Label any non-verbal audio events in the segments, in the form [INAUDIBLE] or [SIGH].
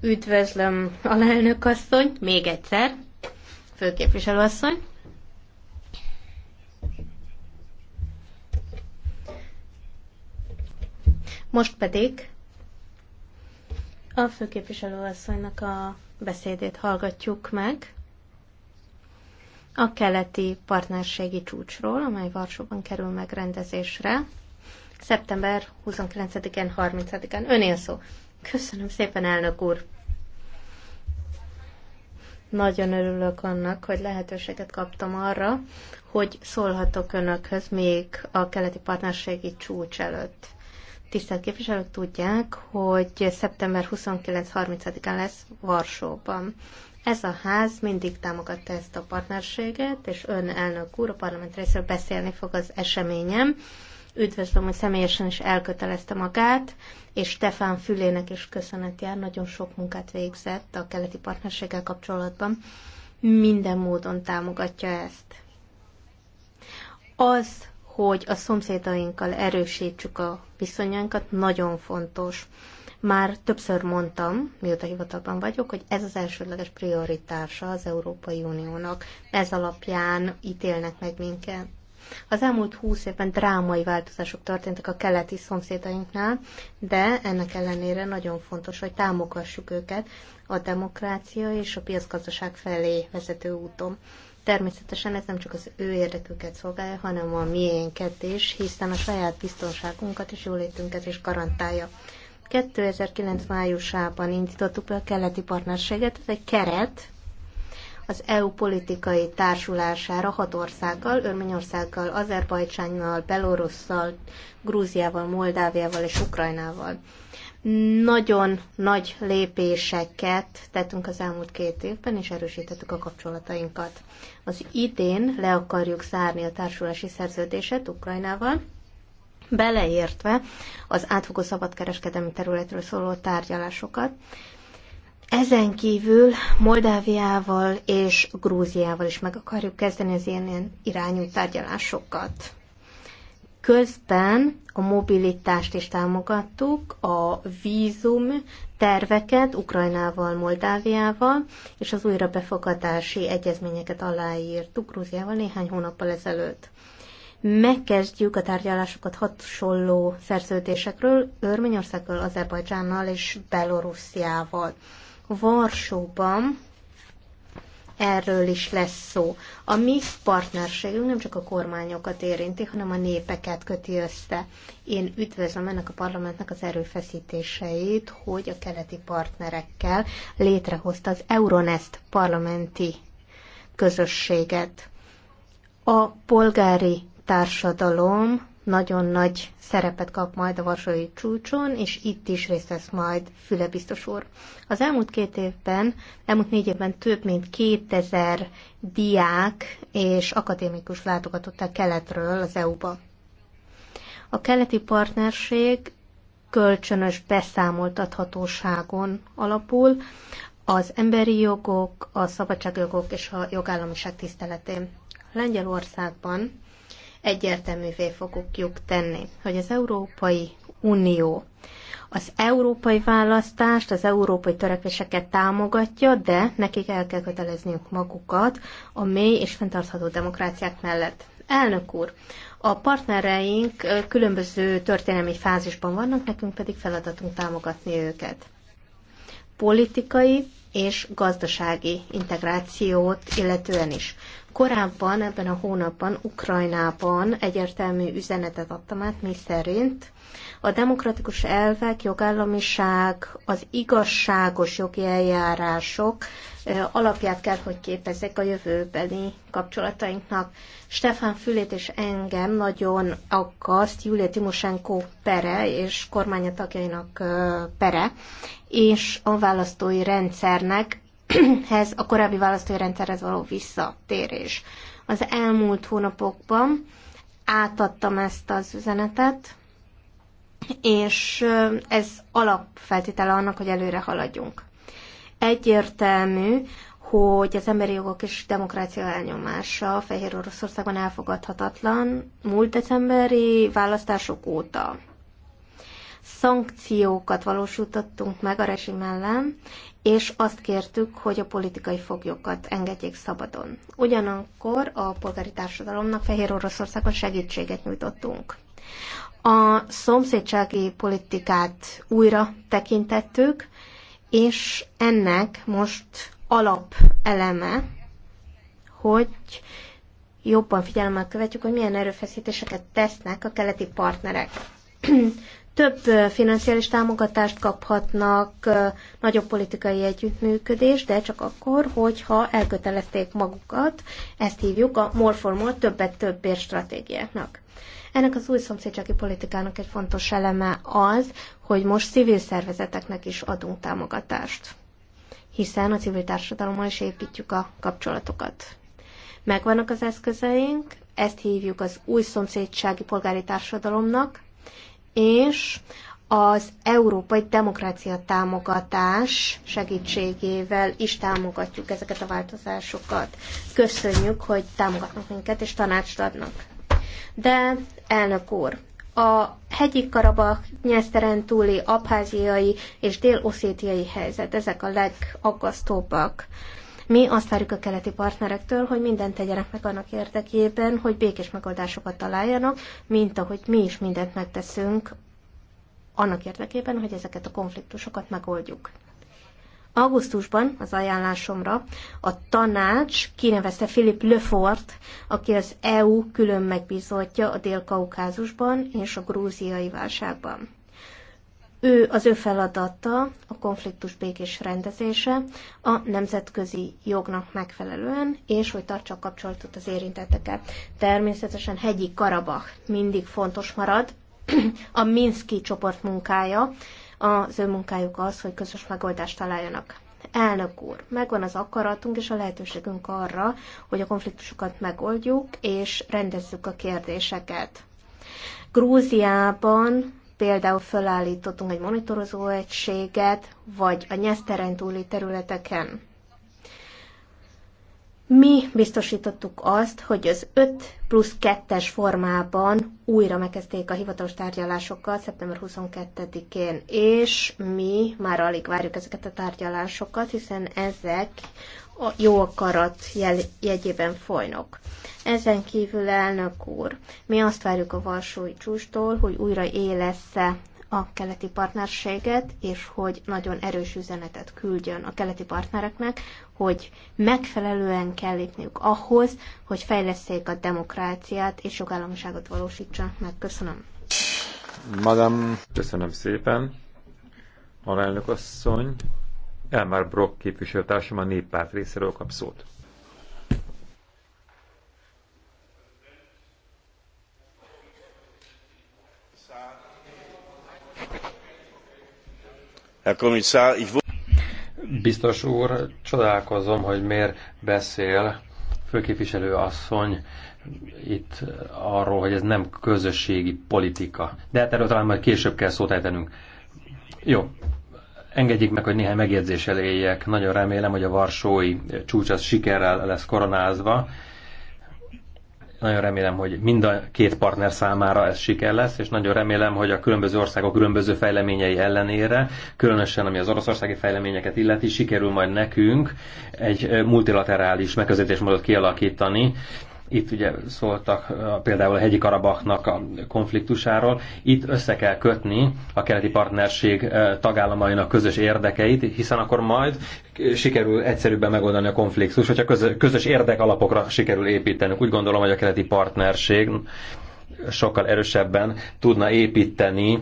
Üdvözlöm alelnök asszony, még egyszer, főképviselő asszony. Most pedig a főképviselő asszonynak a beszédét hallgatjuk meg a keleti partnerségi csúcsról, amely Varsóban kerül megrendezésre szeptember 29-en, 30-án. Önél szó. Köszönöm szépen, elnök úr. Nagyon örülök annak, hogy lehetőséget kaptam arra, hogy szólhatok önökhöz még a keleti partnerségi csúcs előtt. Tisztelt képviselők tudják, hogy szeptember 29-30-án lesz Varsóban. Ez a ház mindig támogatta ezt a partnerséget, és ön elnök úr a parlament részéről beszélni fog az eseményem üdvözlöm, hogy személyesen is elkötelezte magát, és Stefán Fülének is köszönet jár, nagyon sok munkát végzett a keleti partnerséggel kapcsolatban. Minden módon támogatja ezt. Az, hogy a szomszédainkkal erősítsük a viszonyainkat, nagyon fontos. Már többször mondtam, mióta hivatalban vagyok, hogy ez az elsődleges prioritása az Európai Uniónak. Ez alapján ítélnek meg minket. Az elmúlt húsz évben drámai változások történtek a keleti szomszédainknál, de ennek ellenére nagyon fontos, hogy támogassuk őket a demokrácia és a piacgazdaság felé vezető úton. Természetesen ez nem csak az ő érdeküket szolgálja, hanem a miénket is, hiszen a saját biztonságunkat és jólétünket is garantálja. 2009 májusában indítottuk be a keleti partnerséget, ez egy keret, az EU politikai társulására hat országgal, Örményországgal, Azerbajcsánnal, Belorusszal, Grúziával, Moldáviával és Ukrajnával. Nagyon nagy lépéseket tettünk az elmúlt két évben, és erősítettük a kapcsolatainkat. Az idén le akarjuk zárni a társulási szerződéset Ukrajnával, beleértve az átfogó szabadkereskedelmi területről szóló tárgyalásokat, ezen kívül Moldáviával és Grúziával is meg akarjuk kezdeni az ilyen irányú tárgyalásokat. Közben a mobilitást is támogattuk, a vízum terveket Ukrajnával, Moldáviával, és az újrabefogadási egyezményeket aláírtuk Grúziával néhány hónappal ezelőtt. Megkezdjük a tárgyalásokat hasonló szerződésekről Örményországgal, Azerbajdzsánnal és Belorussziával. Varsóban erről is lesz szó. A mi partnerségünk nem csak a kormányokat érinti, hanem a népeket köti össze. Én üdvözlöm ennek a parlamentnek az erőfeszítéseit, hogy a keleti partnerekkel létrehozta az Euronest parlamenti közösséget. A polgári társadalom nagyon nagy szerepet kap majd a Varsói csúcson, és itt is részt vesz majd Füle biztos úr. Az elmúlt két évben, elmúlt négy évben több mint 2000 diák és akadémikus látogatott el keletről az EU-ba. A keleti partnerség kölcsönös beszámoltathatóságon alapul, az emberi jogok, a szabadságjogok és a jogállamiság tiszteletén. Lengyelországban egyértelművé fogjuk tenni, hogy az Európai Unió az európai választást, az európai törekvéseket támogatja, de nekik el kell kötelezniük magukat a mély és fenntartható demokráciák mellett. Elnök úr, a partnereink különböző történelmi fázisban vannak, nekünk pedig feladatunk támogatni őket. Politikai és gazdasági integrációt illetően is. Korábban ebben a hónapban Ukrajnában egyértelmű üzenetet adtam át, mi szerint a demokratikus elvek, jogállamiság, az igazságos jogi eljárások alapját kell, hogy képezzék a jövőbeni kapcsolatainknak. Stefan Fülét és engem nagyon aggaszt Julia Timoshenko pere és kormánya tagjainak pere, és a választói rendszernek hez a korábbi választói rendszerhez való visszatérés. Az elmúlt hónapokban átadtam ezt az üzenetet, és ez alapfeltétele annak, hogy előre haladjunk. Egyértelmű, hogy az emberi jogok és demokrácia elnyomása Fehér Oroszországban elfogadhatatlan múlt decemberi választások óta. Szankciókat valósítottunk meg a rezsim ellen, és azt kértük, hogy a politikai foglyokat engedjék szabadon. Ugyanakkor a polgári társadalomnak Fehér Oroszországon segítséget nyújtottunk. A szomszédsági politikát újra tekintettük, és ennek most alapeleme, hogy jobban figyelemmel követjük, hogy milyen erőfeszítéseket tesznek a keleti partnerek több financiális támogatást kaphatnak, nagyobb politikai együttműködés, de csak akkor, hogyha elkötelezték magukat, ezt hívjuk a More for More többet többért stratégiáknak. Ennek az új szomszédsági politikának egy fontos eleme az, hogy most civil szervezeteknek is adunk támogatást, hiszen a civil társadalommal is építjük a kapcsolatokat. Megvannak az eszközeink, ezt hívjuk az új szomszédsági polgári társadalomnak, és az európai demokrácia támogatás segítségével is támogatjuk ezeket a változásokat. Köszönjük, hogy támogatnak minket és tanácsot adnak. De, elnök úr, a hegyi Karabach, nyeszteren túli, abháziai és dél-oszétiai helyzet, ezek a legaggasztóbbak. Mi azt várjuk a keleti partnerektől, hogy mindent tegyenek meg annak érdekében, hogy békés megoldásokat találjanak, mint ahogy mi is mindent megteszünk annak érdekében, hogy ezeket a konfliktusokat megoldjuk. Augusztusban az ajánlásomra a tanács kinevezte Philip Lefort, aki az EU külön megbízottja a Dél-Kaukázusban és a grúziai válságban ő, az ő feladata a konfliktus békés rendezése a nemzetközi jognak megfelelően, és hogy tartsa a kapcsolatot az érintettekkel. Természetesen hegyi Karabach mindig fontos marad, a Minszki csoport munkája, az ő munkájuk az, hogy közös megoldást találjanak. Elnök úr, megvan az akaratunk és a lehetőségünk arra, hogy a konfliktusokat megoldjuk és rendezzük a kérdéseket. Grúziában Például fölállítottunk egy monitorozó egységet, vagy a nyeszteren túli területeken. Mi biztosítottuk azt, hogy az 5 plusz 2-es formában újra megkezdték a hivatalos tárgyalásokat szeptember 22-én, és mi már alig várjuk ezeket a tárgyalásokat, hiszen ezek a jó akarat jel- jegyében folynak. Ezen kívül, elnök úr, mi azt várjuk a Varsói csústól, hogy újra élesse a keleti partnerséget, és hogy nagyon erős üzenetet küldjön a keleti partnereknek, hogy megfelelően kell lépniük ahhoz, hogy fejleszék a demokráciát és jogállamiságot valósítsanak meg. Köszönöm. Madam. Köszönöm szépen. Alelnök asszony. Elmar Brock képviselőtársam a néppárt részéről kap szót. Biztos úr, csodálkozom, hogy miért beszél főképviselő asszony itt arról, hogy ez nem közösségi politika. De hát erről talán majd később kell szót ejtenünk. Jó, Engedjék meg, hogy néhány megjegyzéssel éljek. Nagyon remélem, hogy a varsói csúcs az sikerrel lesz koronázva. Nagyon remélem, hogy mind a két partner számára ez siker lesz, és nagyon remélem, hogy a különböző országok különböző fejleményei ellenére, különösen ami az oroszországi fejleményeket illeti, sikerül majd nekünk egy multilaterális megközelítésmódot kialakítani, itt ugye szóltak például a hegyi Karabaknak a konfliktusáról. Itt össze kell kötni a keleti partnerség tagállamainak közös érdekeit, hiszen akkor majd sikerül egyszerűbben megoldani a konfliktus, hogyha közös érdek alapokra sikerül építeni. Úgy gondolom, hogy a keleti partnerség sokkal erősebben tudna építeni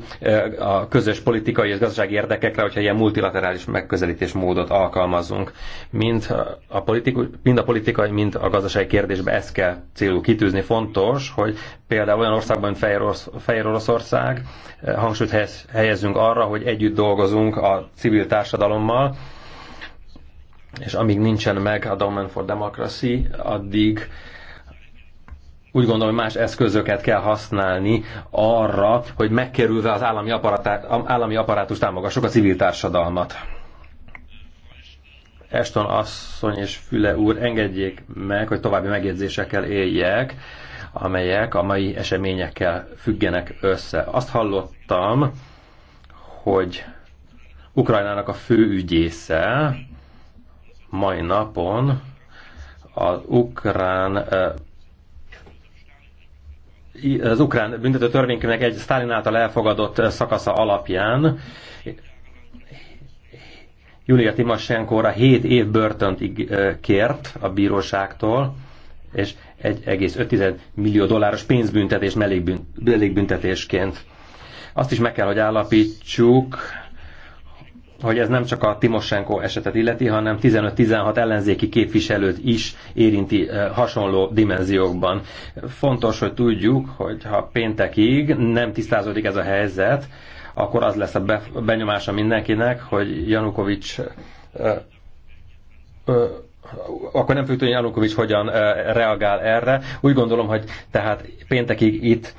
a közös politikai és gazdasági érdekekre, hogyha ilyen multilaterális megközelítés módot alkalmazunk. Mind a, politiku, mind a politikai, mind a gazdasági kérdésbe ezt kell célul kitűzni. Fontos, hogy például olyan országban, mint Fehér Oroszország, hangsúlyt helyezünk arra, hogy együtt dolgozunk a civil társadalommal, és amíg nincsen meg a Domain for Democracy, addig uh, úgy gondolom, hogy más eszközöket kell használni arra, hogy megkerülve az állami, aparatát, állami apparátus támogassuk a civil társadalmat. Eston asszony és Füle úr, engedjék meg, hogy további megjegyzésekkel éljek, amelyek a mai eseményekkel függenek össze. Azt hallottam, hogy Ukrajnának a főügyésze mai napon az ukrán az ukrán büntető törvénykönyvnek egy Stalin által elfogadott szakasza alapján Julia Timoshenko 7 év börtönt kért a bíróságtól, és 1,5 millió dolláros pénzbüntetés mellékbüntetésként. Azt is meg kell, hogy állapítsuk, hogy ez nem csak a Timoshenko esetet illeti, hanem 15-16 ellenzéki képviselőt is érinti eh, hasonló dimenziókban. Fontos, hogy tudjuk, hogy ha péntekig nem tisztázódik ez a helyzet, akkor az lesz a benyomása mindenkinek, hogy Janukovics eh, eh, akkor nem függ tudni, hogy Janukovics hogyan reagál erre. Úgy gondolom, hogy tehát péntekig itt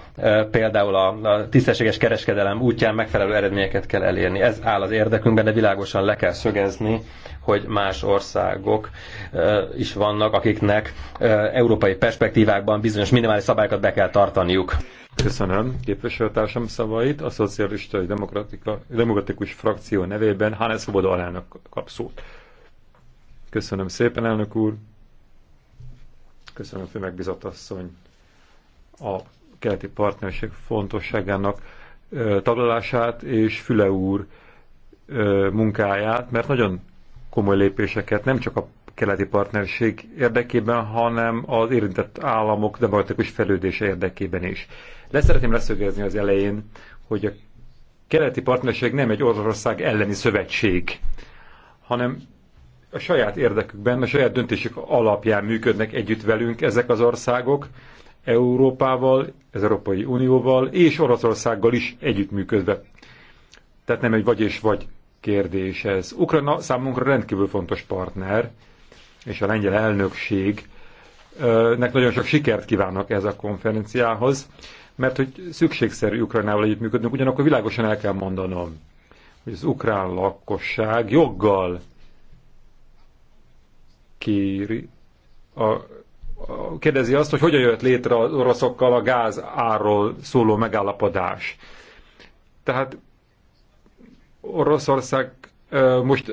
például a tisztességes kereskedelem útján megfelelő eredményeket kell elérni. Ez áll az érdekünkben, de világosan le kell szögezni, hogy más országok is vannak, akiknek európai perspektívákban bizonyos minimális szabályokat be kell tartaniuk. Köszönöm képviselőtársam szavait. A Szocialista Demokratikus Frakció nevében Hannes Szoboda alának kap szót. Köszönöm szépen, elnök úr. Köszönöm, hogy megbízott asszony a keleti partnerség fontosságának taglalását és Füle úr munkáját, mert nagyon komoly lépéseket nem csak a keleti partnerség érdekében, hanem az érintett államok demokratikus felődése érdekében is. szeretném leszögezni az elején, hogy a keleti partnerség nem egy Oroszország elleni szövetség, hanem a saját érdekükben, a saját döntésük alapján működnek együtt velünk ezek az országok, Európával, az Európai Unióval és Oroszországgal is együttműködve. Tehát nem egy vagy és vagy kérdés ez. Ukrajna számunkra rendkívül fontos partner, és a lengyel elnökség nek nagyon sok sikert kívánok ez a konferenciához, mert hogy szükségszerű Ukrajnával együttműködnünk, ugyanakkor világosan el kell mondanom, hogy az ukrán lakosság joggal kéri, a, a, kérdezi azt, hogy hogyan jött létre az oroszokkal a gáz árról szóló megállapodás. Tehát Oroszország most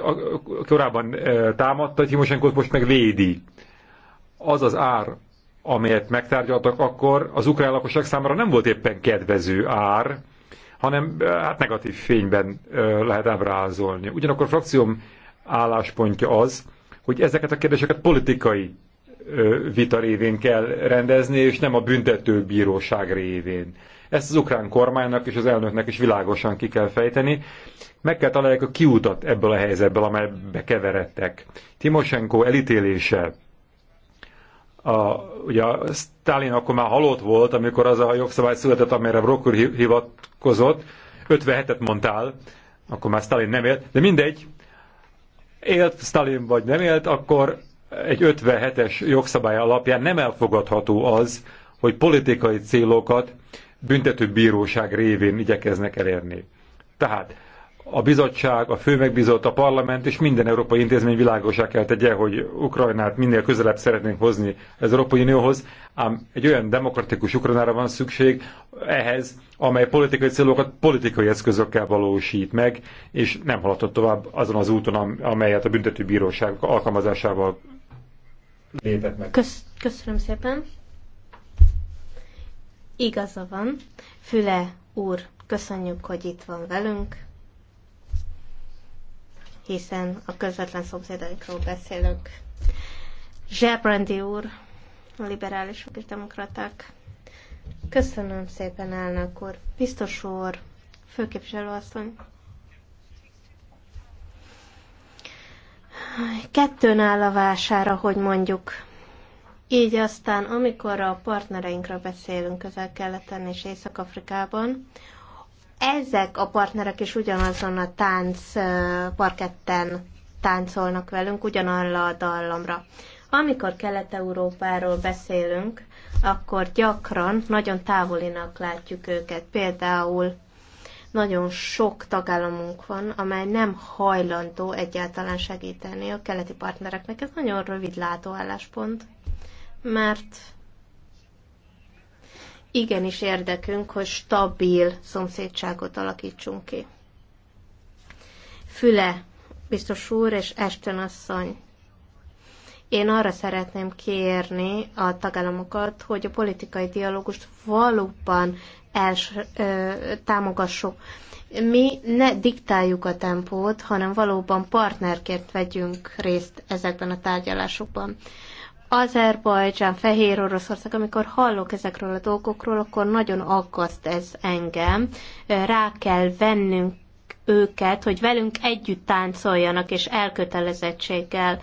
korábban támadta, hogy most meg védi. Az az ár, amelyet megtárgyaltak akkor, az ukrán lakosság számára nem volt éppen kedvező ár, hanem hát negatív fényben lehet ábrázolni. Ugyanakkor a frakcióm álláspontja az, hogy ezeket a kérdéseket politikai vita révén kell rendezni, és nem a büntető bíróság révén. Ezt az ukrán kormánynak és az elnöknek is világosan ki kell fejteni. Meg kell találják a kiutat ebből a helyzetből, amelybe keveredtek. Timoshenko elítélése, a, ugye Stalin akkor már halott volt, amikor az a jogszabály született, amelyre Brokkur hivatkozott, 57-et mondtál, akkor már Stalin nem élt, de mindegy, élt Stalin vagy nem élt, akkor egy 57-es jogszabály alapján nem elfogadható az, hogy politikai célokat büntető bíróság révén igyekeznek elérni. Tehát a bizottság, a főmegbízott, a parlament és minden európai intézmény világosá kell tegye, hogy Ukrajnát minél közelebb szeretnénk hozni az Európai Unióhoz, ám egy olyan demokratikus Ukrajnára van szükség ehhez, amely politikai célokat politikai eszközökkel valósít meg, és nem haladhat tovább azon az úton, amelyet a büntetőbíróság alkalmazásával lépett meg. Kösz, köszönöm szépen. Igaza van. Füle úr, köszönjük, hogy itt van velünk hiszen a közvetlen szomszédainkról beszélünk. Zsebrandi úr, a liberálisok és demokraták. Köszönöm szépen, elnök úr. Biztos úr, főképviselőasszony. Kettőn áll a vására, hogy mondjuk. Így aztán, amikor a partnereinkről beszélünk közel-keleten és Észak-Afrikában, ezek a partnerek is ugyanazon a tánc parketten táncolnak velünk, ugyanarra a dallamra. Amikor Kelet-Európáról beszélünk, akkor gyakran nagyon távolinak látjuk őket. Például nagyon sok tagállamunk van, amely nem hajlandó egyáltalán segíteni a keleti partnereknek. Ez nagyon rövid látóálláspont, mert igenis érdekünk, hogy stabil szomszédságot alakítsunk ki. Füle, biztos úr és Esten asszony, én arra szeretném kérni a tagállamokat, hogy a politikai dialógust valóban els, ö, támogassuk. Mi ne diktáljuk a tempót, hanem valóban partnerként vegyünk részt ezekben a tárgyalásokban. Azerbajdzsán, Fehér Oroszország, amikor hallok ezekről a dolgokról, akkor nagyon aggaszt ez engem. Rá kell vennünk őket, hogy velünk együtt táncoljanak, és elkötelezettséggel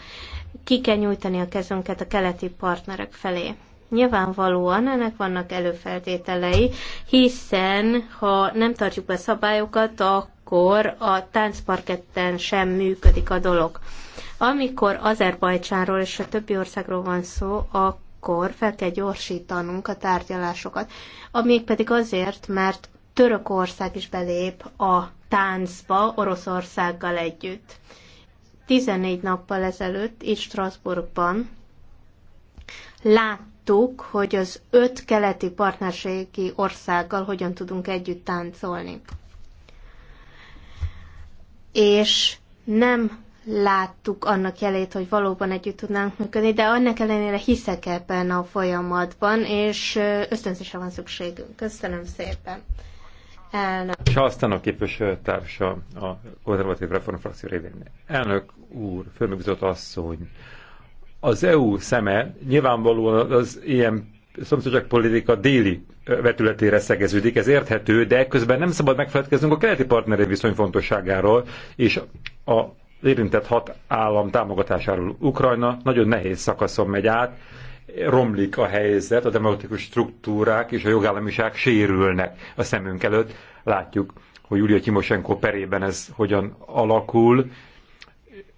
ki kell nyújtani a kezünket a keleti partnerek felé. Nyilvánvalóan ennek vannak előfeltételei, hiszen ha nem tartjuk be szabályokat, akkor a táncparketten sem működik a dolog. Amikor Azerbajcsáról és a többi országról van szó, akkor fel kell gyorsítanunk a tárgyalásokat, amíg pedig azért, mert Törökország is belép a táncba Oroszországgal együtt. 14 nappal ezelőtt is Strasbourgban láttuk, hogy az öt keleti partnerségi országgal hogyan tudunk együtt táncolni. És nem láttuk annak jelét, hogy valóban együtt tudnánk működni, de annak ellenére hiszek ebben a folyamatban, és ösztönzésre van szükségünk. Köszönöm szépen. Elnök. És aztán a képviselőtársa a konzervatív reformfrakció révén. Elnök úr, főmegbizott asszony, az EU szeme nyilvánvalóan az ilyen szomszédság politika déli vetületére szegeződik, ez érthető, de közben nem szabad megfeledkeznünk a keleti partneri viszony fontosságáról, és a érintett hat állam támogatásáról. Ukrajna nagyon nehéz szakaszon megy át, romlik a helyzet, a demokratikus struktúrák és a jogállamiság sérülnek a szemünk előtt. Látjuk, hogy Julia Timosenko perében ez hogyan alakul,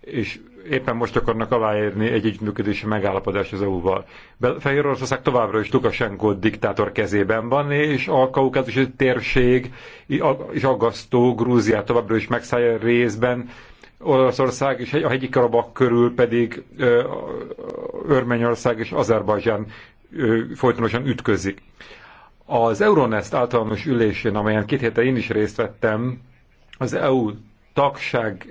és éppen most akarnak aláírni egy együttműködési megállapodás az EU-val. Oroszország továbbra is Lukashenko diktátor kezében van, és a kaukázusi térség és aggasztó Grúziát továbbra is megszállja részben, Olaszország és a hegyi Karabak körül pedig Örményország és Azerbajdzsán folytonosan ütközik. Az Euronest általános ülésén, amelyen két héten én is részt vettem, az EU tagság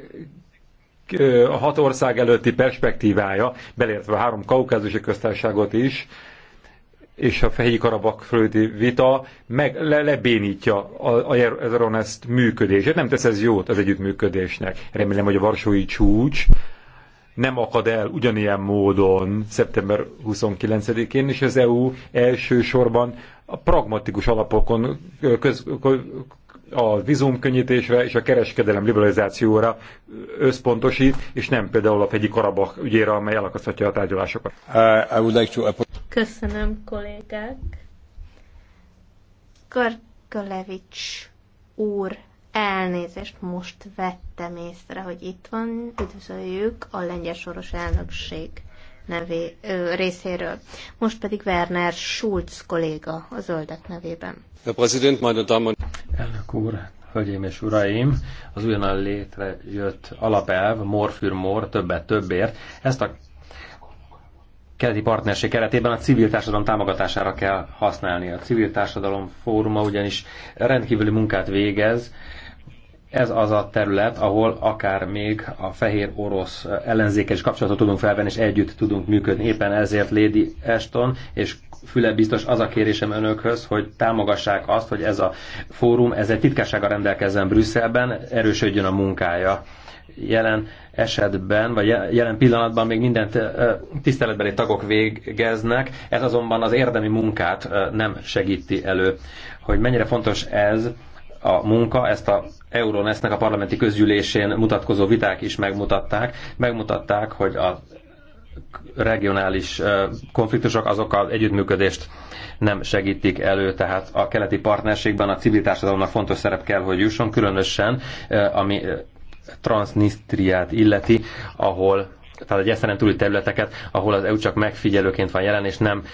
a hat ország előtti perspektívája, beleértve a három kaukázusi köztársaságot is, és a hegyi karabak földi vita meg le, lebénítja a, a Euronest működését. Nem tesz ez jót az együttműködésnek. Remélem, hogy a Varsói csúcs nem akad el ugyanilyen módon szeptember 29-én, és az EU elsősorban a pragmatikus alapokon köz, a vizumkönnyítésre és a kereskedelem liberalizációra összpontosít, és nem például a fegyi karabak ügyére, amely elakaszthatja a tárgyalásokat. Uh, Köszönöm, kollégák. Karkolevics úr, elnézést most vettem észre, hogy itt van. Üdvözöljük a lengyel soros elnökség nevé, ö, részéről. Most pedig Werner Schulz kolléga a zöldek nevében. Herr Präsident, meine Damen Elnök úr, hölgyeim és uraim, az újonnan létrejött alapelv, more für more, többet többért, ezt a keleti partnerség keretében a civil társadalom támogatására kell használni. A civil társadalom fóruma ugyanis rendkívüli munkát végez, ez az a terület, ahol akár még a fehér orosz ellenzékes kapcsolatot tudunk felvenni, és együtt tudunk működni. Éppen ezért Lady Ashton és Füle biztos az a kérésem önökhöz, hogy támogassák azt, hogy ez a fórum, ez egy titkársága rendelkezzen Brüsszelben, erősödjön a munkája. Jelen esetben, vagy jelen pillanatban még mindent tiszteletbeli tagok végeznek, ez azonban az érdemi munkát nem segíti elő. Hogy mennyire fontos ez, a munka, ezt a Euronesznek a parlamenti közgyűlésén mutatkozó viták is megmutatták. Megmutatták, hogy a regionális konfliktusok azok együttműködést nem segítik elő, tehát a keleti partnerségben a civil társadalomnak fontos szerep kell, hogy jusson, különösen ami Transnistriát illeti, ahol tehát egy eszeren túli területeket, ahol az EU csak megfigyelőként van jelen, és nem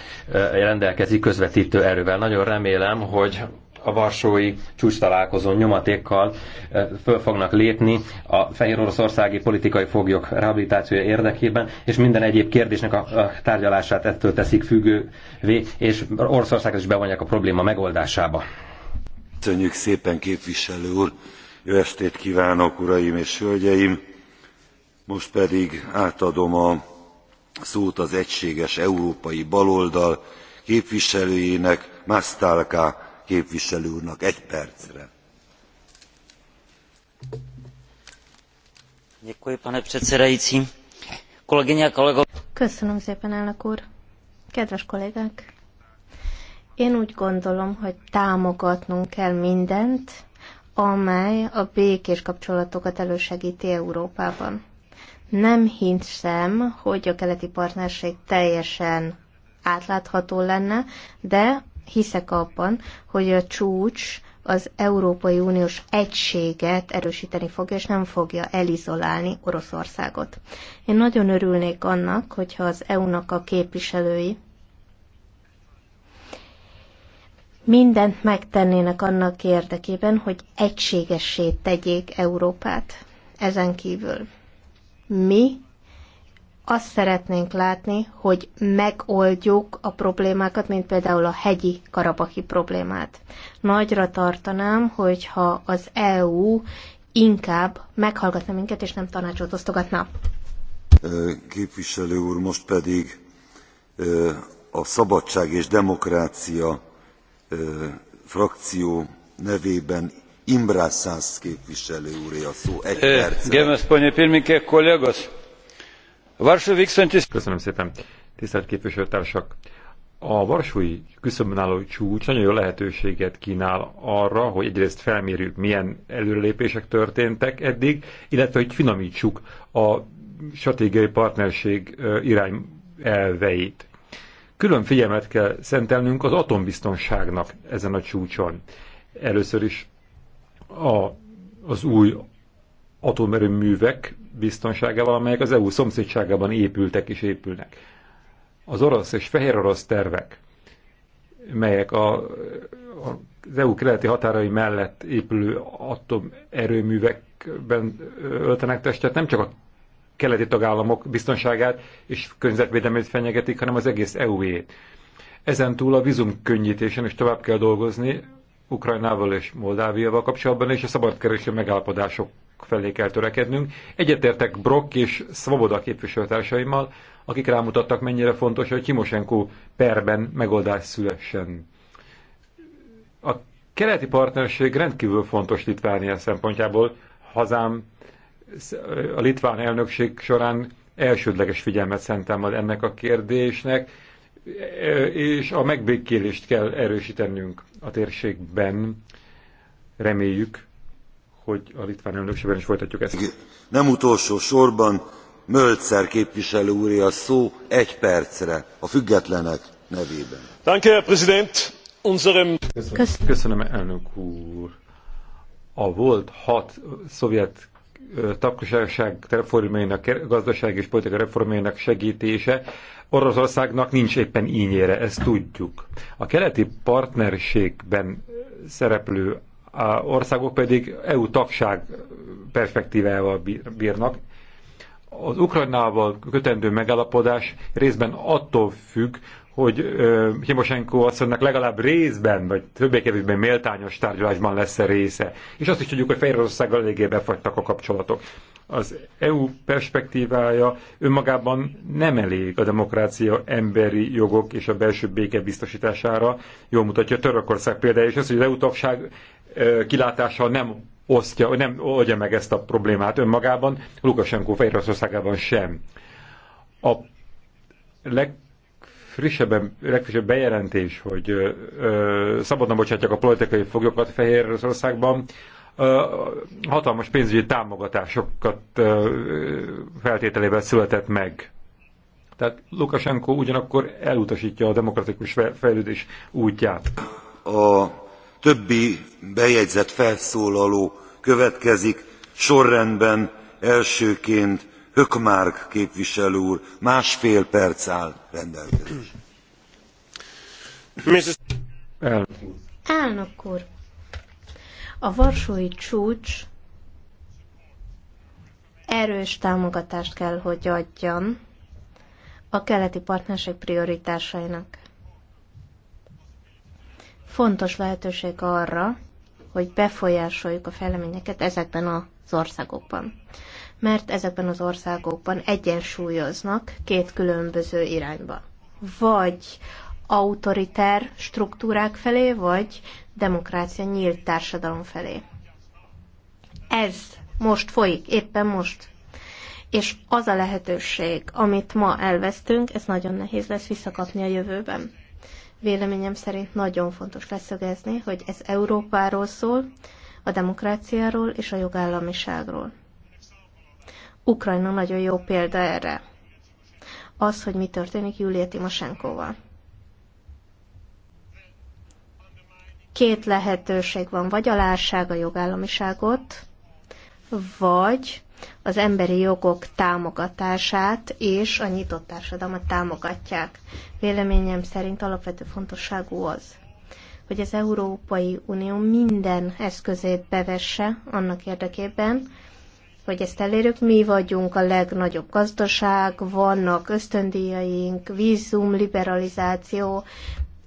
rendelkezik közvetítő erővel. Nagyon remélem, hogy a Varsói csúcs találkozón nyomatékkal eh, föl fognak lépni a fehér oroszországi politikai foglyok rehabilitációja érdekében, és minden egyéb kérdésnek a tárgyalását ettől teszik függővé, és Oroszországot is bevonják a probléma megoldásába. Köszönjük szépen, képviselő úr! Jó estét kívánok, uraim és hölgyeim! Most pedig átadom a szót az egységes európai baloldal képviselőjének, Mastalka képviselő úrnak egy percre. pane předsedající. Kolegyně a kolego... Köszönöm szépen, elnök úr. Kedves kollégák! Én úgy gondolom, hogy támogatnunk kell mindent, amely a békés kapcsolatokat elősegíti Európában. Nem hiszem, hogy a keleti partnerség teljesen átlátható lenne, de hiszek abban, hogy a csúcs az Európai Uniós egységet erősíteni fogja, és nem fogja elizolálni Oroszországot. Én nagyon örülnék annak, hogyha az EU-nak a képviselői mindent megtennének annak érdekében, hogy egységessé tegyék Európát ezen kívül. Mi azt szeretnénk látni, hogy megoldjuk a problémákat, mint például a hegyi karabahi problémát. Nagyra tartanám, hogyha az EU inkább meghallgatna minket, és nem tanácsot osztogatna. Képviselő úr, most pedig a Szabadság és Demokrácia frakció nevében Imrás képviselő úré a szó. Egy perc. Gemes, panie pirmininkė, kollégos. Köszönöm szépen, tisztelt képviselőtársak! A Varsói küszöbön álló csúcs nagyon jó lehetőséget kínál arra, hogy egyrészt felmérjük, milyen előrelépések történtek eddig, illetve hogy finomítsuk a stratégiai partnerség irányelveit. Külön figyelmet kell szentelnünk az atombiztonságnak ezen a csúcson. Először is a, az új atomerőművek biztonságával, amelyek az EU szomszédságában épültek és épülnek. Az orosz és fehér orosz tervek, melyek a, a, az EU keleti határai mellett épülő atomerőművekben öltenek testet, nem csak a keleti tagállamok biztonságát és környezetvédelmét fenyegetik, hanem az egész EU-ét. Ezen túl a vízum könnyítésen is tovább kell dolgozni, Ukrajnával és Moldáviával kapcsolatban, és a szabadkereső megállapodások felé kell törekednünk. Egyetértek Brock és Svoboda képviselőtársaimmal, akik rámutattak, mennyire fontos, hogy Timosenko perben megoldás szülessen. A keleti partnerség rendkívül fontos Litvánia szempontjából. Hazám a litván elnökség során elsődleges figyelmet szentem ennek a kérdésnek, és a megbékélést kell erősítenünk a térségben. Reméljük, hogy a litván elnökségben is folytatjuk ezt. Nem utolsó sorban Mölcer képviselő úré a szó egy percre a függetlenek nevében. Danke, Herr Präsident. Unserem... Köszönöm. Köszönöm, elnök úr. A volt hat szovjet tagságság reformjainak, gazdaság és politikai reformjainak segítése Oroszországnak nincs éppen ínyére, ezt tudjuk. A keleti partnerségben szereplő a országok pedig EU tagság perspektívával bírnak. Az Ukrajnával kötendő megállapodás részben attól függ, hogy Himosenko mondja, legalább részben, vagy többé-kevésbé méltányos tárgyalásban lesz -e része. És azt is tudjuk, hogy Fehérországgal eléggé befagytak a kapcsolatok. Az EU perspektívája önmagában nem elég a demokrácia, emberi jogok és a belső béke biztosítására. Jól mutatja Törökország példája, és az, hogy az EU tagság kilátása nem osztja, nem oldja meg ezt a problémát önmagában, Lukasenko Fehérországában sem. A legfrissebb, legfrissebb bejelentés, hogy ö, ö, szabadon bocsátják a politikai foglyokat Fehérországban, hatalmas pénzügyi támogatásokat feltételében született meg. Tehát Lukasenko ugyanakkor elutasítja a demokratikus fejlődés útját. A többi bejegyzett felszólaló következik sorrendben elsőként hökmark képviselő úr másfél perc áll rendelkezésre. elnök úr a varsói csúcs erős támogatást kell hogy adjon a keleti partnerség prioritásainak fontos lehetőség arra, hogy befolyásoljuk a fejleményeket ezekben az országokban. Mert ezekben az országokban egyensúlyoznak két különböző irányba. Vagy autoritár struktúrák felé, vagy demokrácia nyílt társadalom felé. Ez most folyik, éppen most. És az a lehetőség, amit ma elvesztünk, ez nagyon nehéz lesz visszakapni a jövőben. Véleményem szerint nagyon fontos leszögezni, hogy ez Európáról szól, a demokráciáról és a jogállamiságról. Ukrajna nagyon jó példa erre. Az, hogy mi történik Júlia Timosenkoval. Két lehetőség van, vagy alássák a jogállamiságot, vagy az emberi jogok támogatását és a nyitott társadalmat támogatják. Véleményem szerint alapvető fontosságú az, hogy az Európai Unió minden eszközét bevesse annak érdekében, hogy ezt elérjük. Mi vagyunk a legnagyobb gazdaság, vannak ösztöndíjaink, vízum, liberalizáció,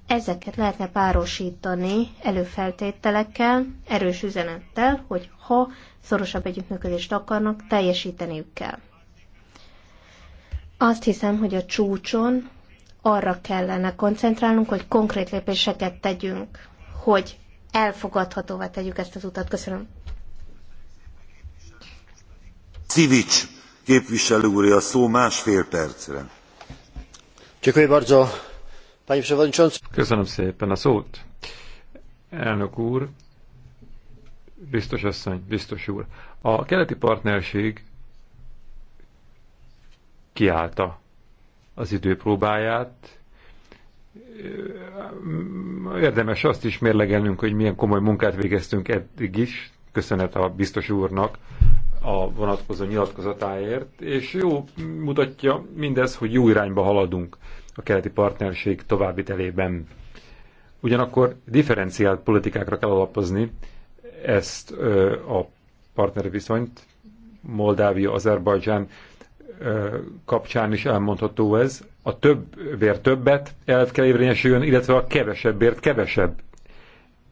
ezeket lehetne párosítani előfeltételekkel, erős üzenettel, hogy ha szorosabb együttműködést akarnak, teljesíteniük kell. Azt hiszem, hogy a csúcson arra kellene koncentrálnunk, hogy konkrét lépéseket tegyünk, hogy elfogadhatóvá tegyük ezt az utat. Köszönöm. Civics képviselő úr, a szó másfél percre. Köszönöm szépen a szót. Elnök úr, Biztos asszony, biztos úr. A keleti partnerség kiállta az időpróbáját. Érdemes azt is mérlegelnünk, hogy milyen komoly munkát végeztünk eddig is. Köszönet a biztos úrnak a vonatkozó nyilatkozatáért, és jó mutatja mindez, hogy jó irányba haladunk a keleti partnerség további telében. Ugyanakkor differenciált politikákra kell alapozni, ezt a partneri viszonyt, Moldávia, Azerbajdzsán kapcsán is elmondható ez. A többért többet elv kell érvényesüljön, illetve a kevesebbért kevesebb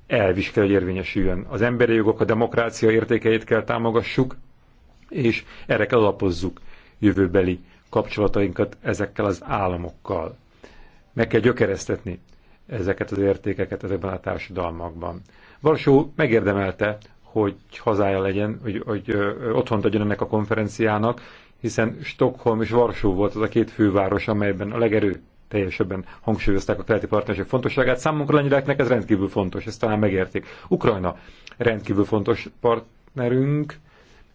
elv is kell, hogy érvényesüljön. Az emberi jogok, a demokrácia értékeit kell támogassuk, és erre kell alapozzuk jövőbeli kapcsolatainkat ezekkel az államokkal. Meg kell gyökeresztetni ezeket az értékeket ezekben a társadalmakban. Varsó megérdemelte, hogy hazája legyen, hogy, hogy otthont adjon ennek a konferenciának, hiszen Stockholm és Varsó volt az a két főváros, amelyben a legerő teljesebben hangsúlyozták a keleti partnerség fontosságát. Számunkra lengyeleknek ez rendkívül fontos, ezt talán megértik. Ukrajna rendkívül fontos partnerünk,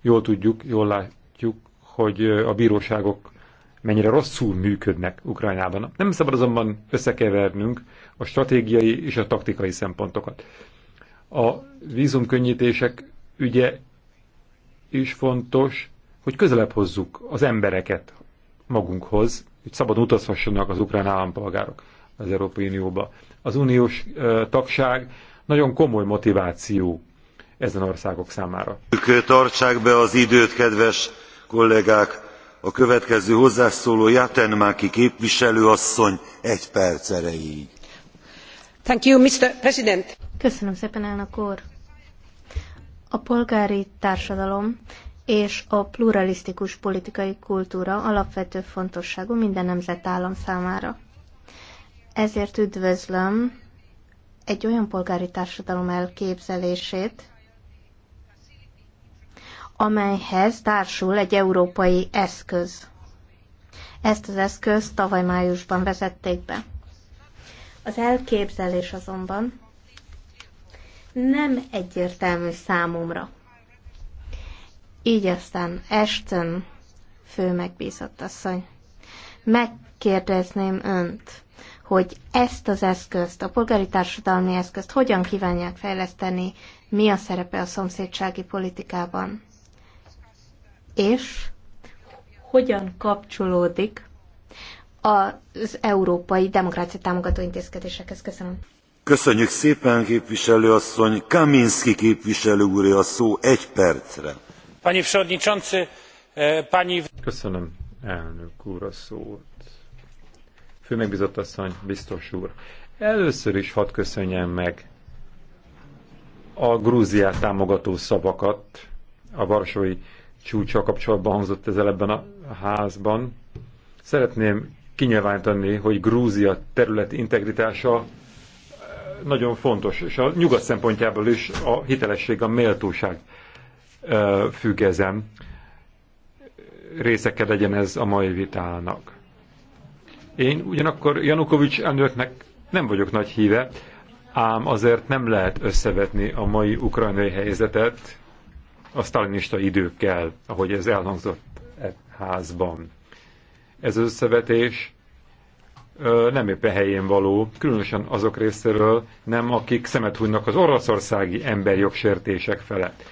jól tudjuk, jól látjuk, hogy a bíróságok mennyire rosszul működnek Ukrajnában. Nem szabad azonban összekevernünk a stratégiai és a taktikai szempontokat a vízumkönnyítések ügye is fontos, hogy közelebb hozzuk az embereket magunkhoz, hogy szabad utazhassanak az ukrán állampolgárok az Európai Unióba. Az uniós ö, tagság nagyon komoly motiváció ezen országok számára. Tartsák be az időt, kedves kollégák! A következő hozzászóló Jatenmáki képviselőasszony egy perc erejéig. Köszönöm szépen, A polgári társadalom és a pluralisztikus politikai kultúra alapvető fontosságú minden nemzetállam számára. Ezért üdvözlöm egy olyan polgári társadalom elképzelését, amelyhez társul egy európai eszköz. Ezt az eszközt tavaly májusban vezették be. Az elképzelés azonban nem egyértelmű számomra. Így aztán Ashton fő megbízott asszony. Megkérdezném önt, hogy ezt az eszközt, a polgári társadalmi eszközt hogyan kívánják fejleszteni, mi a szerepe a szomszédsági politikában, és hogyan kapcsolódik az európai demokrácia támogató intézkedésekhez. Köszönöm. Köszönjük szépen, képviselő asszony. Kaminski képviselő úr, a szó egy percre. Pani przewodniczący, e, pani... Köszönöm, elnök úr a szót. Főmegbizott asszony, biztos úr. Először is hadd köszönjem meg a Grúziát támogató szavakat, a Varsói csúcsa kapcsolatban hangzott ezzel ebben a házban. Szeretném kinyilvánítani, hogy Grúzia terület integritása eh, nagyon fontos, és a nyugat szempontjából is a hitelesség, a méltóság eh, függ ezen. Része legyen ez a mai vitának. Én ugyanakkor Janukovics elnöknek nem vagyok nagy híve, ám azért nem lehet összevetni a mai ukrajnai helyzetet a sztalinista időkkel, ahogy ez elhangzott e házban. Ez összevetés nem éppen helyén való, különösen azok részéről nem, akik szemet hunynak az oroszországi emberjogsértések felett.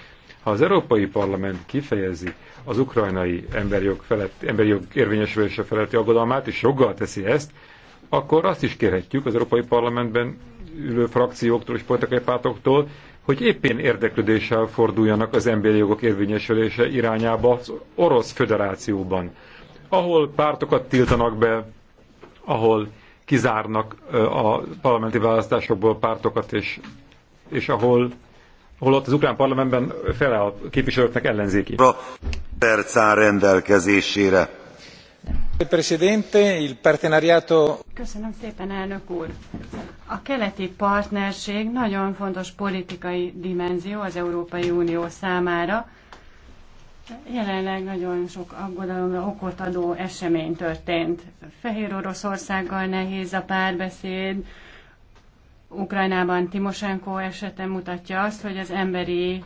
Ha az Európai Parlament kifejezi az ukrajnai emberjog, felett, emberjog érvényesülése feletti aggodalmát, és joggal teszi ezt, akkor azt is kérhetjük az Európai Parlamentben ülő frakcióktól és politikai pártoktól, hogy éppen érdeklődéssel forduljanak az emberi jogok érvényesülése irányába az Orosz Föderációban ahol pártokat tiltanak be, ahol kizárnak a parlamenti választásokból pártokat, és, és ahol ott az ukrán parlamentben a képviselőknek ellenzéki. a áll rendelkezésére. Köszönöm szépen, elnök úr! A keleti partnerség nagyon fontos politikai dimenzió az Európai Unió számára, Jelenleg nagyon sok aggodalomra okot adó esemény történt. Fehér Oroszországgal nehéz a párbeszéd. Ukrajnában Timosenko esete mutatja azt, hogy az emberi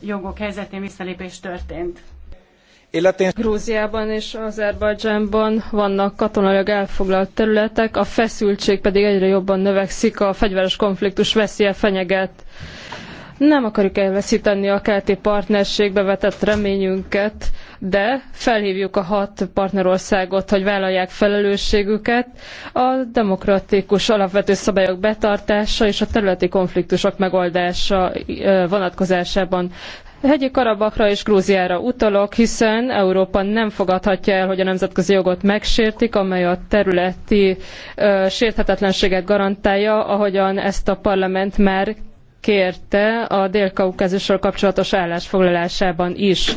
jogok helyzetén visszalépés történt. Grúziában és Azerbajdzsánban vannak katonailag elfoglalt területek, a feszültség pedig egyre jobban növekszik, a fegyveres konfliktus veszélye fenyeget. Nem akarjuk elveszíteni a keleti partnerségbe vetett reményünket, de felhívjuk a hat partnerországot, hogy vállalják felelősségüket a demokratikus alapvető szabályok betartása és a területi konfliktusok megoldása vonatkozásában. Hegyi Karabakra és Grúziára utalok, hiszen Európa nem fogadhatja el, hogy a nemzetközi jogot megsértik, amely a területi sérthetetlenséget garantálja, ahogyan ezt a parlament már kérte a dél-kaukázusról kapcsolatos állásfoglalásában is.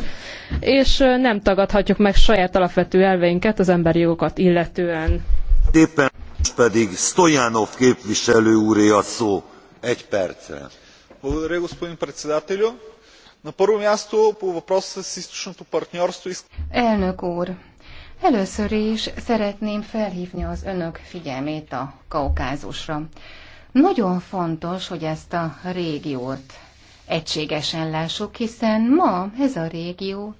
És nem tagadhatjuk meg saját alapvető elveinket az emberi jogokat illetően. Éppen most pedig Stojanov képviselő úré a szó. Egy percre. Благодаря, господин председателю. На първо място по въпроса с източното партньорство... Elnök úr, először is szeretném felhívni az önök figyelmét a kaukázusra. Nagyon fontos, hogy ezt a régiót egységesen lássuk, hiszen ma ez a régió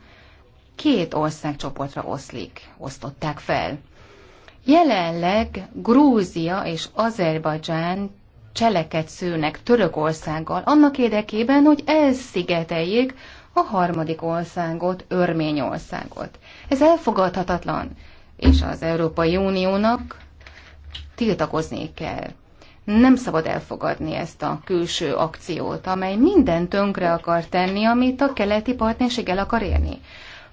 két országcsoportra oszlik, osztották fel. Jelenleg Grúzia és Azerbajdzsán cseleket szőnek Törökországgal annak érdekében, hogy elszigeteljék a harmadik országot, Örményországot. Ez elfogadhatatlan, és az Európai Uniónak tiltakozni kell nem szabad elfogadni ezt a külső akciót, amely minden tönkre akar tenni, amit a keleti partnerség el akar érni.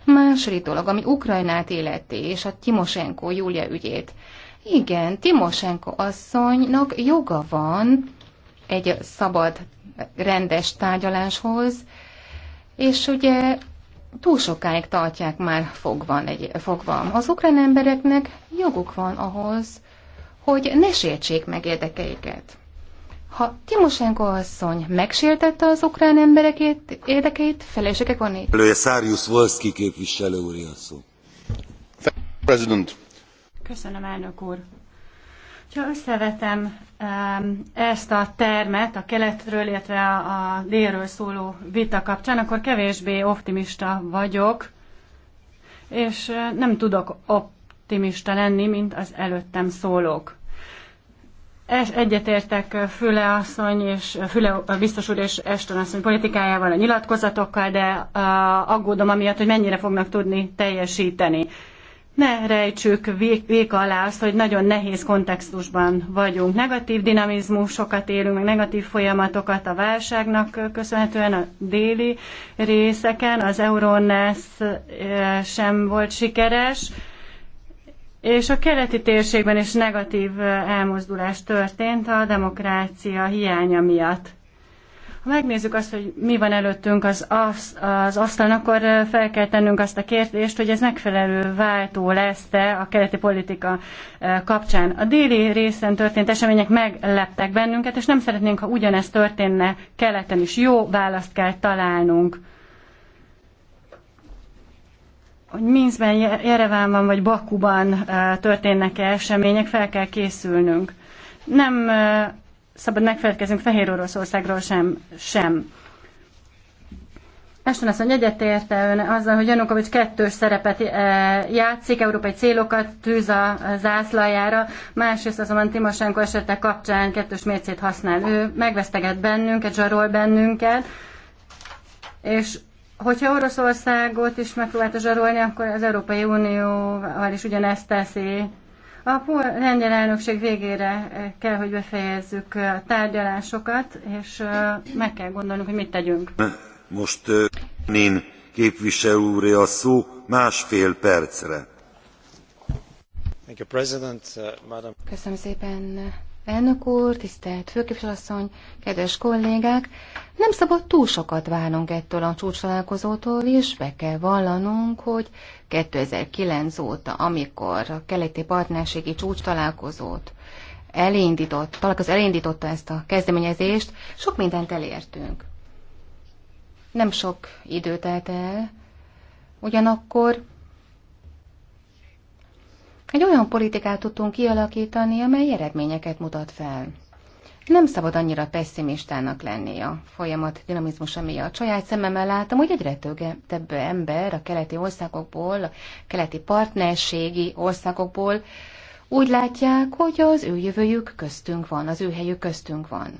Második dolog, ami Ukrajnát életi, és a Timosenko Júlia ügyét. Igen, Timosenko asszonynak joga van egy szabad, rendes tárgyaláshoz, és ugye túl sokáig tartják már fogvan egy, fogva. Az ukrán embereknek joguk van ahhoz, hogy ne sértsék meg érdekeiket. Ha Timosenko asszony megsértette az ukrán embereket, érdekeit, felelősségek van itt. Lője Szárius Volszki képviselő úr President. Köszönöm, elnök úr. Ha összevetem ezt a termet a keletről, illetve a délről szóló vita kapcsán, akkor kevésbé optimista vagyok, és nem tudok optimista lenni, mint az előttem szólók. Egyetértek eh, Füle asszony és eh, Füle eh, biztos úr és Eston asszony politikájával, a nyilatkozatokkal, de aggódom amiatt, hogy mennyire fognak tudni teljesíteni. Ne rejtsük vék, alá azt, hogy nagyon nehéz kontextusban vagyunk. Negatív dinamizmusokat élünk, meg negatív folyamatokat a válságnak köszönhetően a déli részeken. Az Euronest sem volt sikeres és a keleti térségben is negatív elmozdulás történt a demokrácia hiánya miatt. Ha megnézzük azt, hogy mi van előttünk az, az, az asztalon, akkor fel kell tennünk azt a kérdést, hogy ez megfelelő váltó lesz-e a keleti politika kapcsán. A déli részen történt események megleptek bennünket, és nem szeretnénk, ha ugyanezt történne keleten is. Jó választ kell találnunk hogy Minskben, Jerevánban vagy Bakuban eh, történnek -e események, fel kell készülnünk. Nem eh, szabad megfelelkezünk Fehér Oroszországról sem. sem. Eston asszony egyetérte ön azzal, hogy Janukovics kettős szerepet eh, játszik, európai célokat tűz a zászlajára, másrészt azonban Timosenko esete kapcsán kettős mércét használ. Ő megveszteget bennünket, zsarol bennünket, és hogyha Oroszországot is megpróbálta zsarolni, akkor az Európai Unióval is ugyanezt teszi. A lengyel elnökség végére eh, kell, hogy befejezzük eh, a tárgyalásokat, és eh, meg kell gondolnunk, hogy mit tegyünk. Most Nin képviselő úré a szó másfél percre. Köszönöm szépen, Elnök úr, tisztelt főképviselőasszony, kedves kollégák! Nem szabad túl sokat várnunk ettől a csúcstalálkozótól, és be kell vallanunk, hogy 2009 óta, amikor a keleti partnerségi csúcstalálkozót elindított, találkoz elindította ezt a kezdeményezést, sok mindent elértünk. Nem sok idő telt el, ugyanakkor egy olyan politikát tudtunk kialakítani, amely eredményeket mutat fel. Nem szabad annyira pessimistának lenni a folyamat dinamizmusa miatt. Saját szememmel láttam, hogy egyre több ember a keleti országokból, a keleti partnerségi országokból úgy látják, hogy az ő jövőjük köztünk van, az ő helyük köztünk van.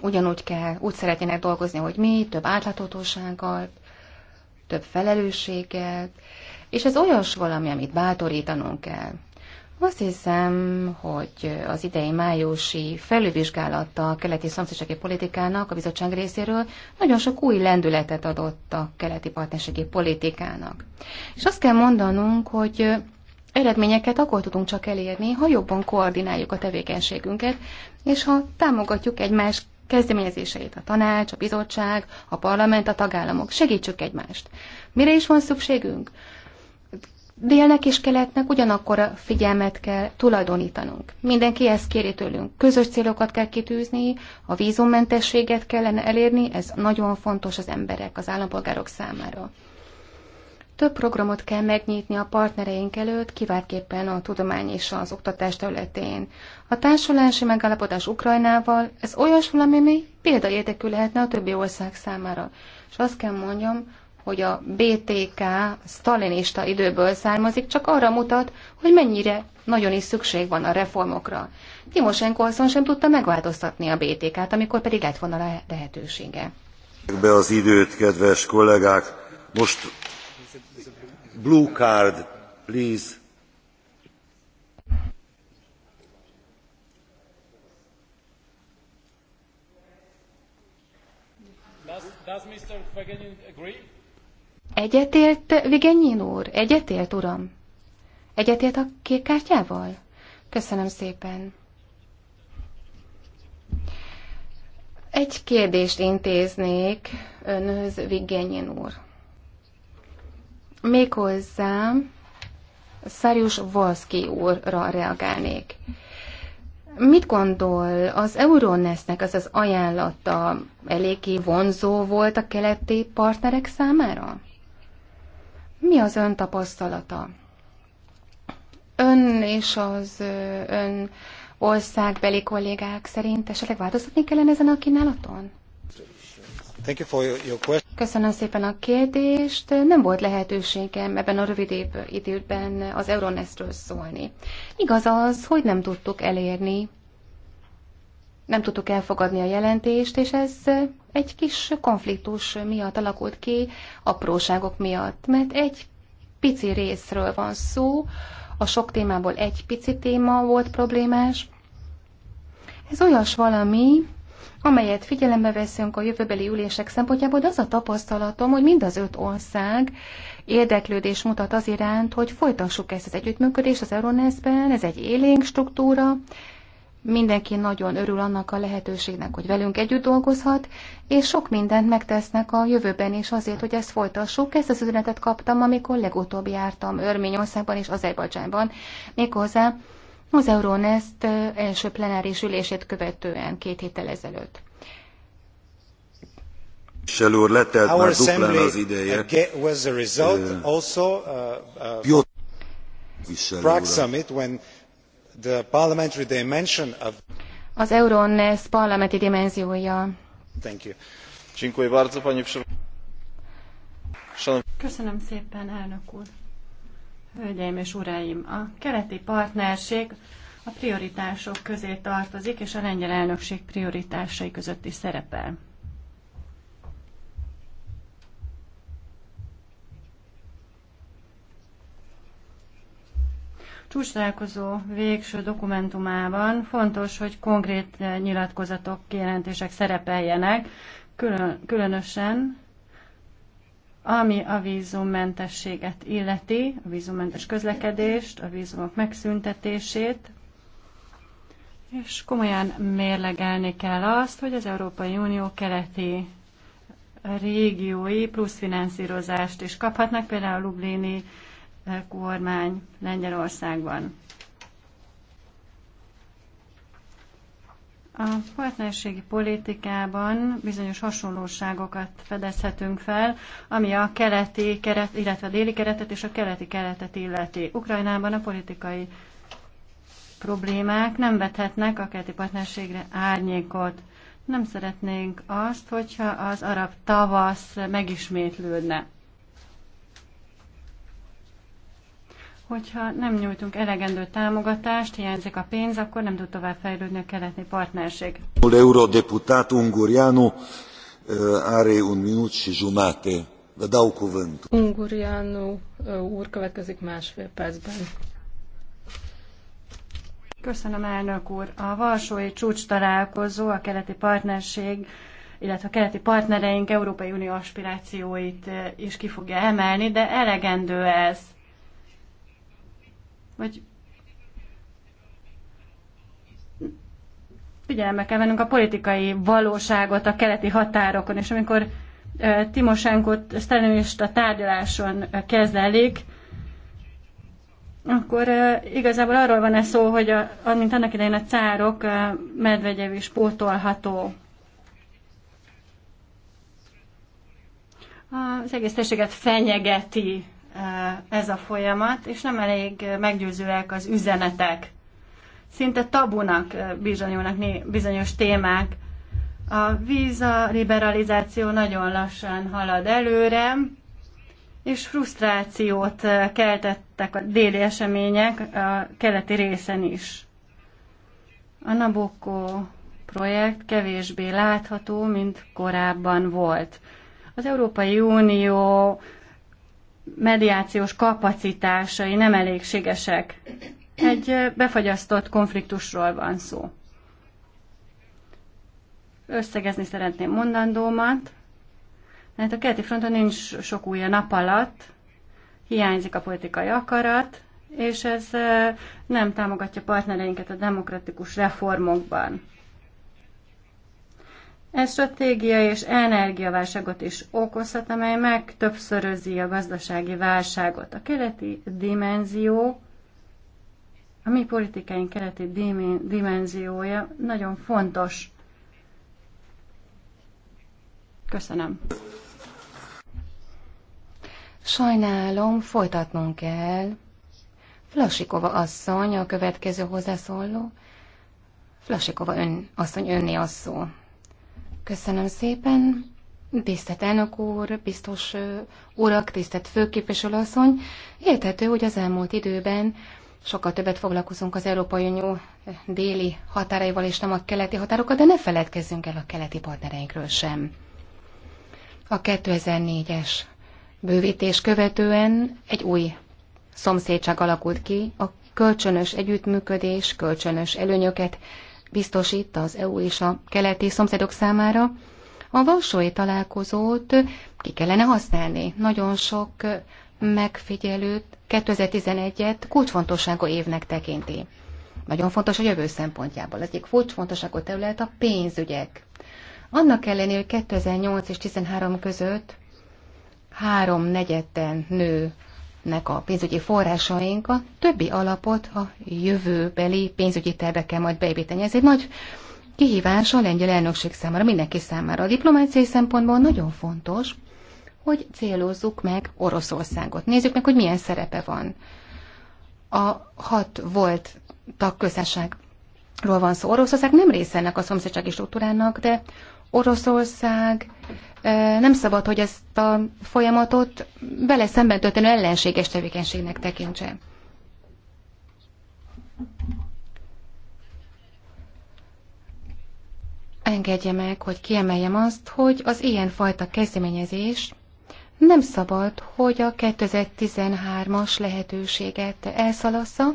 Ugyanúgy kell, úgy szeretnének dolgozni, hogy mi, több átláthatósággal, több felelősséggel, és ez olyas valami, amit bátorítanunk kell. Azt hiszem, hogy az idei májusi felülvizsgálata a keleti szomszédsági politikának a bizottság részéről nagyon sok új lendületet adott a keleti partnerségi politikának. És azt kell mondanunk, hogy eredményeket akkor tudunk csak elérni, ha jobban koordináljuk a tevékenységünket, és ha támogatjuk egymás kezdeményezéseit, a tanács, a bizottság, a parlament, a tagállamok. Segítsük egymást. Mire is van szükségünk? Délnek és keletnek ugyanakkor figyelmet kell tulajdonítanunk. Mindenki ezt kéri tőlünk. Közös célokat kell kitűzni, a vízummentességet kellene elérni, ez nagyon fontos az emberek, az állampolgárok számára. Több programot kell megnyitni a partnereink előtt, kiváltképpen a tudomány és az oktatás területén. A társulási megállapodás Ukrajnával, ez olyas valami, ami példaértékű lehetne a többi ország számára. És azt kell mondjam, hogy a BTK stalinista időből származik, csak arra mutat, hogy mennyire nagyon is szükség van a reformokra. Timosenko azon sem tudta megváltoztatni a BTK-t, amikor pedig lett volna lehetősége. Be az időt, kedves kollégák! Most blue card, please. Does, does Mr. Fagenin agree? Egyetért Vigenyin úr? Egyetért, uram? Egyetért a kék kártyával? Köszönöm szépen. Egy kérdést intéznék önhöz, Vigenyin úr. Méghozzá Szarius Volszki úrra reagálnék. Mit gondol, az Euronesznek az az ajánlata eléggé vonzó volt a keleti partnerek számára? Mi az ön tapasztalata? Ön és az ön országbeli kollégák szerint esetleg változtatni kellene ezen a kínálaton? Köszönöm szépen a kérdést. Nem volt lehetőségem ebben a rövid időben az Euronestről szólni. Igaz az, hogy nem tudtuk elérni nem tudtuk elfogadni a jelentést, és ez egy kis konfliktus miatt alakult ki, apróságok miatt, mert egy pici részről van szó, a sok témából egy pici téma volt problémás. Ez olyas valami, amelyet figyelembe veszünk a jövőbeli ülések szempontjából, de az a tapasztalatom, hogy mind az öt ország érdeklődés mutat az iránt, hogy folytassuk ezt az együttműködést az Euronesben, ez egy élénk struktúra, Mindenki nagyon örül annak a lehetőségnek, hogy velünk együtt dolgozhat, és sok mindent megtesznek a jövőben is azért, hogy ezt folytassuk. Ezt az üzenetet kaptam, amikor legutóbb jártam Örményországban és Azerbajdzsánban, méghozzá az Euronest első plenáris ülését követően két héttel ezelőtt. Michel úr, letelt már duplán az ideje. uh, uh, uh Piotr Michel az Euronest parlamenti dimenziója. Köszönöm szépen, elnök úr. Hölgyeim és uraim, a keleti partnerség a prioritások közé tartozik, és a lengyel elnökség prioritásai között is szerepel. csúcsnálkozó végső dokumentumában fontos, hogy konkrét nyilatkozatok, kijelentések szerepeljenek, külön, különösen ami a vízummentességet illeti, a vízummentes közlekedést, a vízumok megszüntetését, és komolyan mérlegelni kell azt, hogy az Európai Unió keleti régiói plusz finanszírozást is kaphatnak, például a Lublini kormány Lengyelországban. A partnerségi politikában bizonyos hasonlóságokat fedezhetünk fel, ami a keleti keret, illetve a déli keretet és a keleti keretet illeti. Ukrajnában a politikai problémák nem vethetnek a keleti partnerségre árnyékot. Nem szeretnénk azt, hogyha az arab tavasz megismétlődne. hogyha nem nyújtunk elegendő támogatást, hiányzik a pénz, akkor nem tud tovább fejlődni a keleti partnerség. Eurodeputát Unguriano eh, are un minut și jumate. Vă dau cuvântul. Unguriano eh, úr következik másfél percben. Köszönöm, elnök úr. A Varsói csúcs találkozó a keleti partnerség illetve a keleti partnereink Európai Unió aspirációit eh, is ki fogja emelni, de elegendő ez vagy figyelembe kell vennünk a politikai valóságot a keleti határokon, és amikor Timosenkot a tárgyaláson kezelik, akkor igazából arról van ez szó, hogy a, mint annak idején a cárok, Medvegyev is pótolható. Az egész fenyegeti Eh, ez a folyamat, és nem elég meggyőzőek az üzenetek. Szinte tabunak eh, bizonyulnak bizonyos témák. A víza liberalizáció nagyon lassan halad előre, és frusztrációt eh, keltettek a déli események a keleti részen is. A Nabokó projekt kevésbé látható, mint korábban volt. Az Európai Unió mediációs kapacitásai nem elégségesek. Egy befagyasztott konfliktusról van szó. Összegezni szeretném mondandómat, mert hát a keleti fronton nincs sok új a nap alatt, hiányzik a politikai akarat, és ez nem támogatja partnereinket a demokratikus reformokban. Ez stratégia és energiaválságot is okozhat, amely meg többszörözi a gazdasági válságot. A keleti dimenzió, a mi politikáink keleti dimenziója nagyon fontos. Köszönöm. Sajnálom, folytatnunk kell. Flasikova asszony a következő hozzászóló. Flasikova ön, asszony önné a szó. Köszönöm szépen. Tisztelt elnök úr, biztos urak, tisztelt főképviselőasszony. Érthető, hogy az elmúlt időben sokkal többet foglalkozunk az Európai Unió eh, déli határaival és nem a keleti határokkal, de ne feledkezzünk el a keleti partnereinkről sem. A 2004-es bővítés követően egy új szomszédság alakult ki, a kölcsönös együttműködés, kölcsönös előnyöket biztosít az EU és a keleti szomszédok számára, a valsói találkozót ki kellene használni. Nagyon sok megfigyelőt 2011-et kulcsfontosságú évnek tekinti. Nagyon fontos a jövő szempontjából. Az egyik kulcsfontosságú terület a pénzügyek. Annak ellenére, hogy 2008 és 2013 között három negyedten nő nek a pénzügyi forrásaink a többi alapot a jövőbeli pénzügyi tervekkel majd beépíteni. Ez egy nagy kihívás a lengyel elnökség számára, mindenki számára. A diplomáciai szempontból nagyon fontos, hogy célozzuk meg Oroszországot. Nézzük meg, hogy milyen szerepe van. A hat volt tagközösségről van szó. Oroszország nem része ennek a szomszédsági struktúrának, de Oroszország nem szabad, hogy ezt a folyamatot vele szemben történő ellenséges tevékenységnek tekintse. Engedje meg, hogy kiemeljem azt, hogy az ilyen fajta kezdeményezés nem szabad, hogy a 2013-as lehetőséget elszalassza,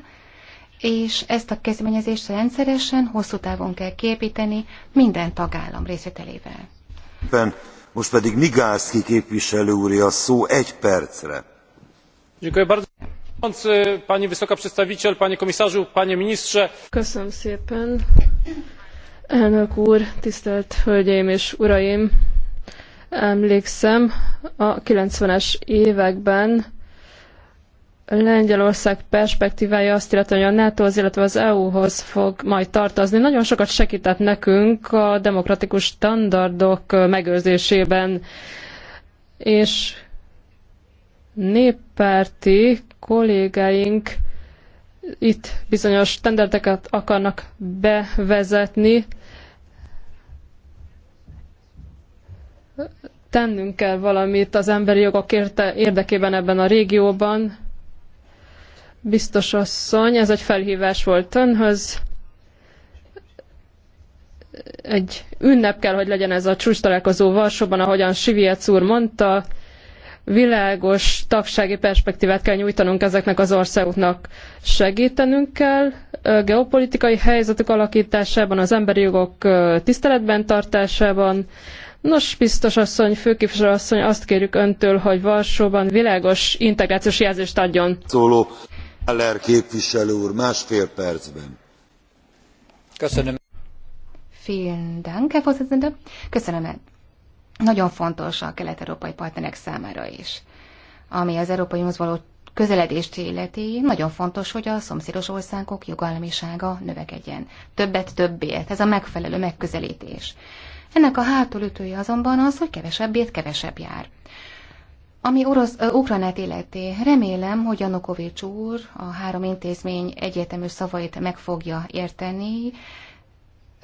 és ezt a kezdeményezést rendszeresen, hosszú távon kell képíteni minden tagállam részvételével. Ben, most pedig Migászki képviselő úr a szó egy percre. Pani Köszönöm szépen. Elnök úr, tisztelt hölgyeim és uraim! Emlékszem, a 90-es években Lengyelország perspektívája azt illetve, hogy a NATO-hoz, illetve az EU-hoz fog majd tartozni. Nagyon sokat segített nekünk a demokratikus standardok megőrzésében, és néppárti kollégáink itt bizonyos standardeket akarnak bevezetni. Tennünk kell valamit az emberi jogok érdekében ebben a régióban, Biztos asszony, ez egy felhívás volt önhöz. Egy ünnep kell, hogy legyen ez a csúcs találkozó Varsóban, ahogyan Siviec úr mondta. Világos tagsági perspektívát kell nyújtanunk ezeknek az országoknak. Segítenünk kell geopolitikai helyzetük alakításában, az emberi jogok tiszteletben tartásában, Nos, biztos asszony, főképviselő asszony, azt kérjük öntől, hogy Varsóban világos integrációs jelzést adjon. Szóló képviselő úr, másfél percben. Köszönöm. Vielen Dank, Herr Vorsitzender. Köszönöm. Nagyon fontos a kelet-európai partnerek számára is. Ami az Európai Unióhoz való közeledést illeti, nagyon fontos, hogy a szomszédos országok jogállamisága növekedjen. Többet többért, hát ez a megfelelő megközelítés. Ennek a hátulütője azonban az, hogy kevesebbért kevesebb jár. Ami orosz, uh, Ukránát illeti, remélem, hogy Janukovics úr a három intézmény egyetemű szavait meg fogja érteni.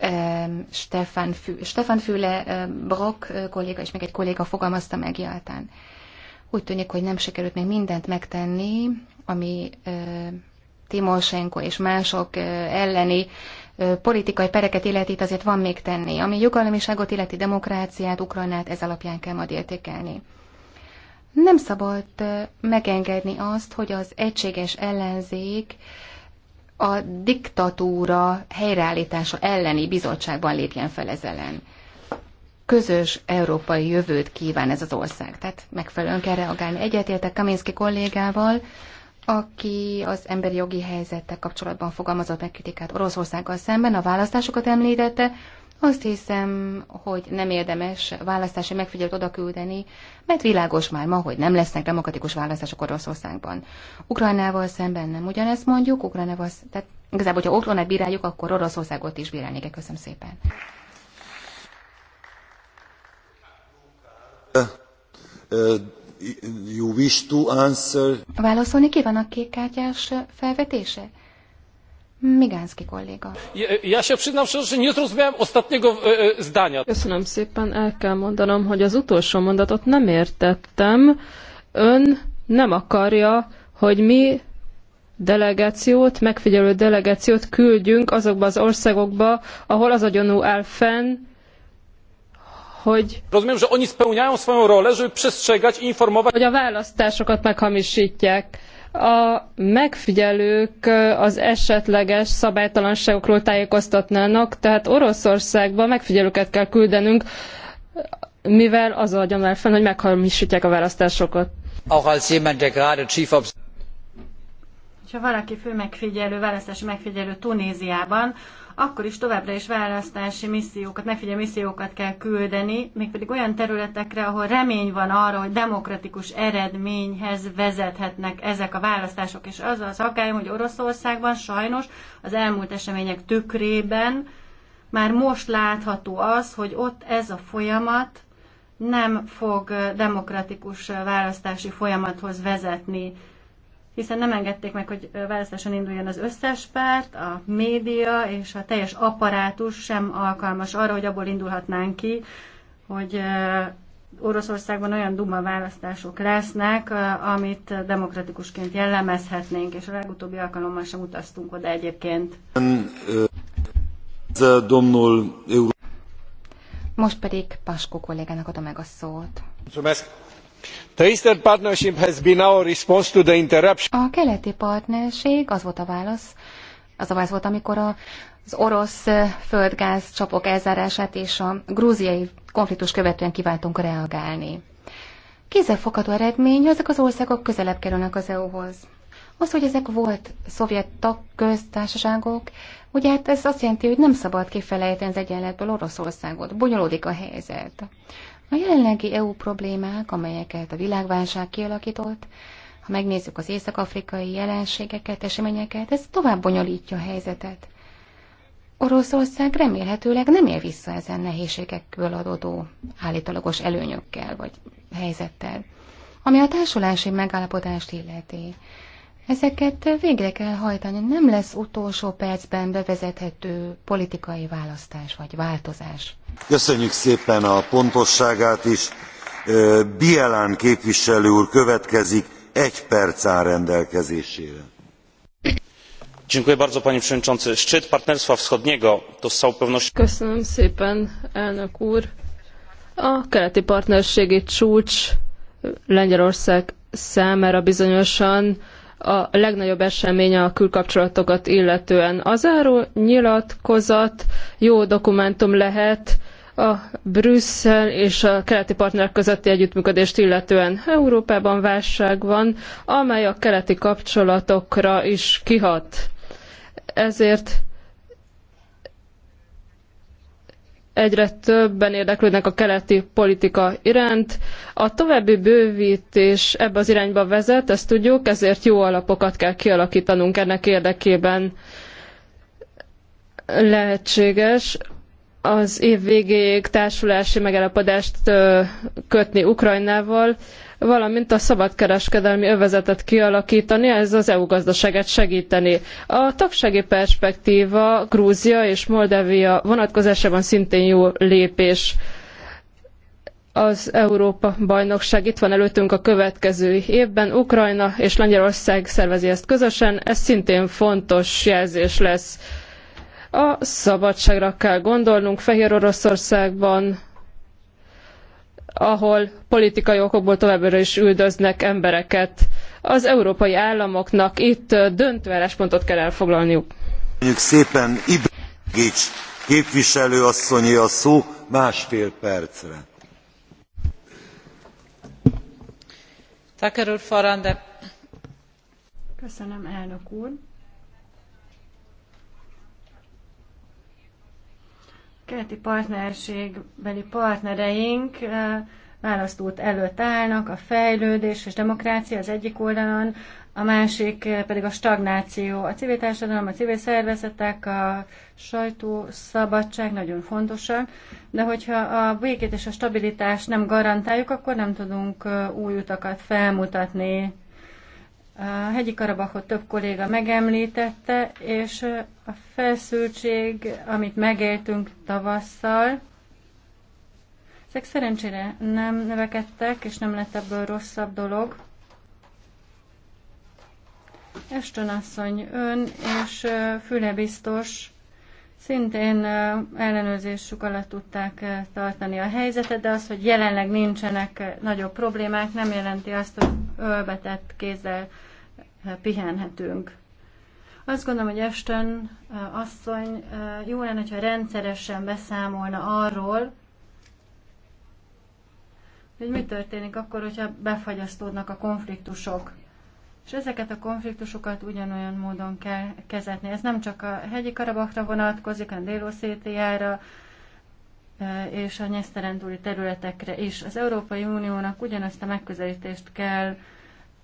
Um, Stefan, Fü- Stefan Füle, uh, Brock uh, kolléga és még egy kolléga fogalmazta meg jártán. Úgy tűnik, hogy nem sikerült még mindent megtenni, ami uh, Timoshenko és mások elleni politikai pereket illeti, azért van még tenni. Ami jogalmiságot illeti demokráciát, Ukrajnát, ez alapján kell majd értékelni. Nem szabad megengedni azt, hogy az egységes ellenzék a diktatúra helyreállítása elleni bizottságban lépjen fel ez ellen. Közös európai jövőt kíván ez az ország, tehát megfelelően kell reagálni. Egyetértek Kaminski kollégával, aki az emberi jogi helyzettel kapcsolatban fogalmazott meg kritikát Oroszországgal szemben, a választásokat említette, azt hiszem, hogy nem érdemes választási megfigyelőt odaküldeni, mert világos már ma, hogy nem lesznek demokratikus választások Oroszországban. Ukrajnával szemben nem ugyanezt mondjuk, Ukrajnával, tehát igazából, hogyha Ukrajnát bíráljuk, akkor Oroszországot is bírálni kell. Köszönöm szépen. Uh, uh, you wish to Válaszolni kíván felvetése? Migánszki kolléga. Ja się przyznam szczerze, że nie zrozumiałem ostatniego e, e, zdania. Köszönöm szépen, el kell mondanom, hogy az utolsó mondatot nem értettem. Ön nem akarja, hogy mi delegációt, megfigyelő delegációt küldjünk azokba az országokba, ahol az a gyanú áll fenn, hogy... Rozumiem, że oni spełniają swoją rolę, żeby przestrzegać i informować... Hogy a választásokat meghamisítják a megfigyelők az esetleges szabálytalanságokról tájékoztatnának, tehát Oroszországba megfigyelőket kell küldenünk, mivel az adja már fenn, hogy meghamisítják a választásokat. Ha valaki fő megfigyelő, választási megfigyelő Tunéziában, akkor is továbbra is választási missziókat, megfigyelő missziókat kell küldeni, mégpedig olyan területekre, ahol remény van arra, hogy demokratikus eredményhez vezethetnek ezek a választások. És az az aggályom, hogy Oroszországban sajnos az elmúlt események tükrében már most látható az, hogy ott ez a folyamat nem fog demokratikus választási folyamathoz vezetni hiszen nem engedték meg, hogy választáson induljon az összes párt, a média és a teljes apparátus sem alkalmas arra, hogy abból indulhatnánk ki, hogy Oroszországban olyan duma választások lesznek, amit demokratikusként jellemezhetnénk, és a legutóbbi alkalommal sem utaztunk oda egyébként. Most pedig Paskó kollégának adom meg a szót. A keleti partnerség az volt a válasz, az a válasz volt, amikor a, az orosz földgáz csapok elzárását és a grúziai konfliktus követően kiváltunk reagálni. Kézzelfogható eredmény, hogy ezek az országok közelebb kerülnek az EU-hoz. Az, hogy ezek volt szovjet tag köztársaságok, ugye hát ez azt jelenti, hogy nem szabad kifelejteni az egyenletből Oroszországot. Bonyolódik a helyzet. A jelenlegi EU problémák, amelyeket a világválság kialakított, ha megnézzük az észak-afrikai jelenségeket, eseményeket, ez tovább bonyolítja a helyzetet. Oroszország remélhetőleg nem él vissza ezen nehézségekből adódó állítólagos előnyökkel vagy helyzettel, ami a társulási megállapodást illeti. Ezeket végre kell hajtani. Nem lesz utolsó percben bevezethető politikai választás vagy változás. Köszönjük szépen a pontosságát is. Bielán képviselő úr következik, egy perc áll rendelkezésére. panie przewodniczący! szczyt partnerstwa wschodniego to z całą pewnością. köszönöm szépen elnök úr! a keleti partnerségi csúcs lengyelország számára bizonyosan a legnagyobb esemény a külkapcsolatokat illetően. Az áró nyilatkozat jó dokumentum lehet, a Brüsszel és a keleti partnerek közötti együttműködést illetően Európában válság van, amely a keleti kapcsolatokra is kihat. Ezért egyre többen érdeklődnek a keleti politika iránt. A további bővítés ebbe az irányba vezet, ezt tudjuk, ezért jó alapokat kell kialakítanunk ennek érdekében. Lehetséges az év végéig társulási megállapodást kötni Ukrajnával, valamint a szabadkereskedelmi övezetet kialakítani, ez az EU gazdaságát segíteni. A tagsági perspektíva Grúzia és Moldova vonatkozásában szintén jó lépés az Európa bajnokság itt van előttünk a következő évben. Ukrajna és Lengyelország szervezi ezt közösen, ez szintén fontos jelzés lesz. A szabadságra kell gondolnunk Fehéroroszországban ahol politikai okokból továbbra is üldöznek embereket. Az európai államoknak itt döntő álláspontot kell elfoglalniuk. Köszönjük szépen Ibrigics képviselő asszonyi a szó másfél percre. Köszönöm, elnök úr. keleti partnerségbeli partnereink eh, választót előtt állnak, a fejlődés és demokrácia az egyik oldalon, a másik eh, pedig a stagnáció. A civil társadalom, a civil szervezetek, a sajtó, szabadság nagyon fontosak, de hogyha a békét és a stabilitást nem garantáljuk, akkor nem tudunk eh, új utakat felmutatni. A hegyi Karabachot több kolléga megemlítette, és a felszültség, amit megéltünk tavasszal, ezek szerencsére nem növekedtek, és nem lett ebből rosszabb dolog. Eston asszony ön és füle biztos szintén ellenőrzésük alatt tudták tartani a helyzetet, de az, hogy jelenleg nincsenek nagyobb problémák, nem jelenti azt, hogy ölbetett kézzel pihenhetünk. Azt gondolom, hogy Esten asszony jó lenne, hogyha rendszeresen beszámolna arról, hogy mi történik akkor, hogyha befagyasztódnak a konfliktusok. És ezeket a konfliktusokat ugyanolyan módon kell kezetni. Ez nem csak a hegyi Karabakra vonatkozik, hanem dél e, és a nyeszteren túli területekre is. Az Európai Uniónak ugyanazt a megközelítést kell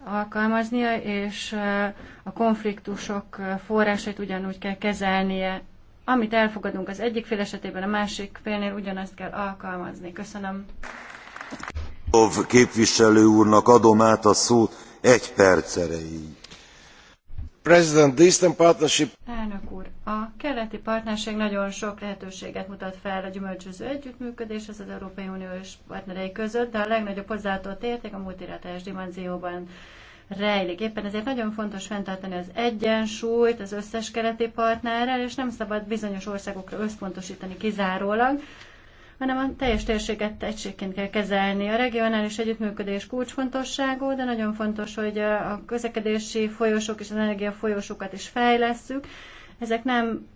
alkalmaznia, és e, a konfliktusok e, forrásait ugyanúgy kell kezelnie. Amit elfogadunk az egyik fél esetében, a másik félnél ugyanazt kell alkalmazni. Köszönöm. Képviselő úrnak adom át a szót egy President, Partnership... Elnök úr, a keleti partnerség nagyon sok lehetőséget mutat fel a gyümölcsöző együttműködéshez az Európai Uniós partnerei között, de a legnagyobb hozzáadott érték a multilaterális dimenzióban rejlik. Éppen ezért nagyon fontos fenntartani az egyensúlyt az összes keleti partnerrel, és nem szabad bizonyos országokra összpontosítani kizárólag, hanem a teljes térséget egységként kell kezelni. A regionális együttműködés kulcsfontosságú, de nagyon fontos, hogy a közlekedési folyosók és az energia folyosókat is fejlesszük. Ezek nem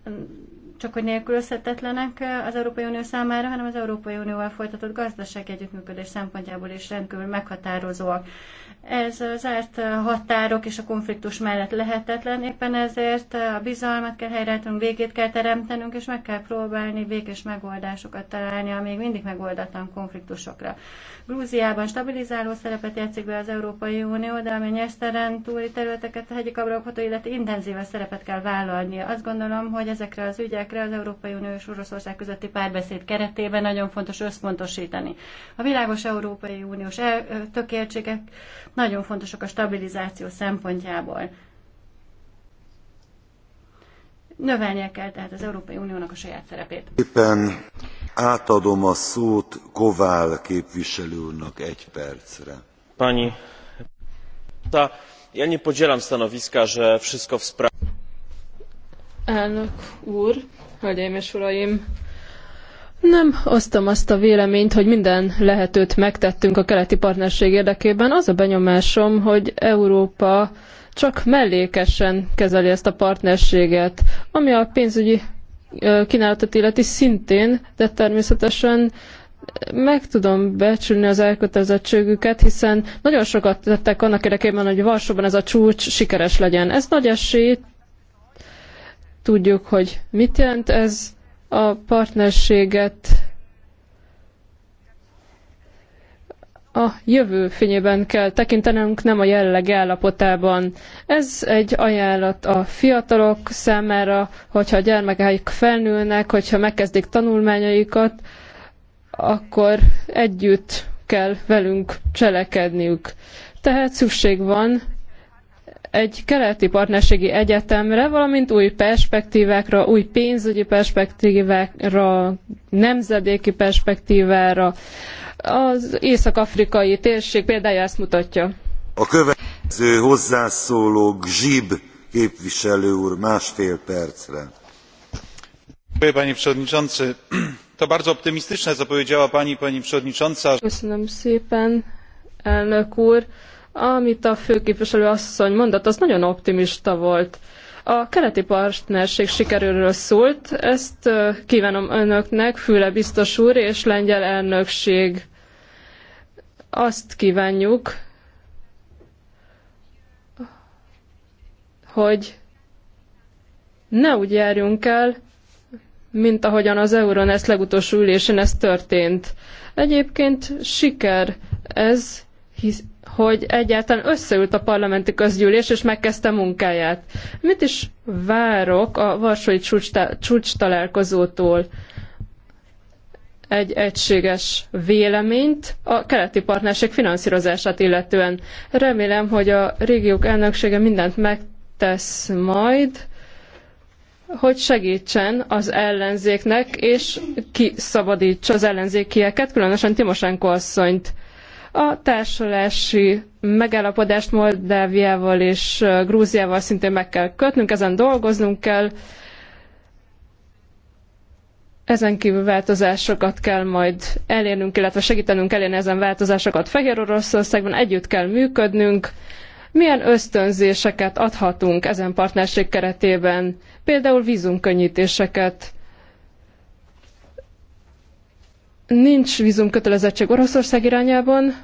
csak hogy nélkülözhetetlenek az Európai Unió számára, hanem az Európai Unióval folytatott gazdasági együttműködés szempontjából is rendkívül meghatározóak. Ez az árt határok és a konfliktus mellett lehetetlen, éppen ezért a bizalmat kell helyreállítanunk, végét kell teremtenünk, és meg kell próbálni békés megoldásokat találni a még mindig megoldatlan konfliktusokra. Grúziában stabilizáló szerepet játszik be az Európai Unió, de ami nyeszteren túli területeket, a hegyi kabrakoktól, illetve intenzíven szerepet kell vállalnia. Azt gondolom, hogy ezekre az ügyekre az Európai Unió és Oroszország közötti párbeszéd keretében nagyon fontos összpontosítani. A világos Európai Uniós eh, tökéltségek nagyon fontosak a stabilizáció szempontjából. Növelnie kell tehát az Európai Uniónak a saját szerepét. Éppen átadom a szót kowal képviselő egy percre. pani ja nie podzielam stanowiska że wszystko w sprawie. elnök úr hölgyeim és uraim! Nem osztom azt a véleményt, hogy minden lehetőt megtettünk a keleti partnerség érdekében. Az a benyomásom, hogy Európa csak mellékesen kezeli ezt a partnerséget, ami a pénzügyi kínálatot illeti szintén, de természetesen meg tudom becsülni az elkötelezettségüket, hiszen nagyon sokat tettek annak érdekében, hogy Varsóban ez a csúcs sikeres legyen. Ez nagy esély, tudjuk, hogy mit jelent ez a partnerséget a jövő fényében kell tekintenünk, nem a jelleg állapotában. Ez egy ajánlat a fiatalok számára, hogyha a gyermekeik felnőnek, hogyha megkezdik tanulmányaikat, akkor együtt kell velünk cselekedniük. Tehát szükség van egy keleti partnerségi egyetemre, valamint új perspektívákra, új pénzügyi perspektívákra, nemzedéki perspektívára. Az észak-afrikai térség példája ezt mutatja. A következő hozzászóló Gzsib képviselő úr másfél percre. Panie przewodniczący, to bardzo optymistyczne, co powiedziała pani, pani przewodnicząca. Köszönöm szépen, elnök úr. Amit a főképviselő asszony mondott, az nagyon optimista volt. A keleti partnerség sikerülről szólt, ezt kívánom önöknek, Füle biztos úr és lengyel elnökség azt kívánjuk, hogy ne úgy járjunk el, mint ahogyan az Euronest legutolsó ülésén ez történt. Egyébként siker ez, hisz, hogy egyáltalán összeült a parlamenti közgyűlés, és megkezdte munkáját. Mit is várok a Varsói csúcs, csúcs találkozótól? egy egységes véleményt a keleti partnerség finanszírozását illetően. Remélem, hogy a régiók elnöksége mindent megtesz majd, hogy segítsen az ellenzéknek, és kiszabadítsa az ellenzékieket, különösen Timosenko asszonyt. A társulási megállapodást Moldáviával és Grúziával szintén meg kell kötnünk, ezen dolgoznunk kell, ezen kívül változásokat kell majd elérnünk, illetve segítenünk elérni ezen változásokat Fehér Oroszországban, együtt kell működnünk. Milyen ösztönzéseket adhatunk ezen partnerség keretében? Például vízumkönnyítéseket. Nincs vízumkötelezettség Oroszország irányában,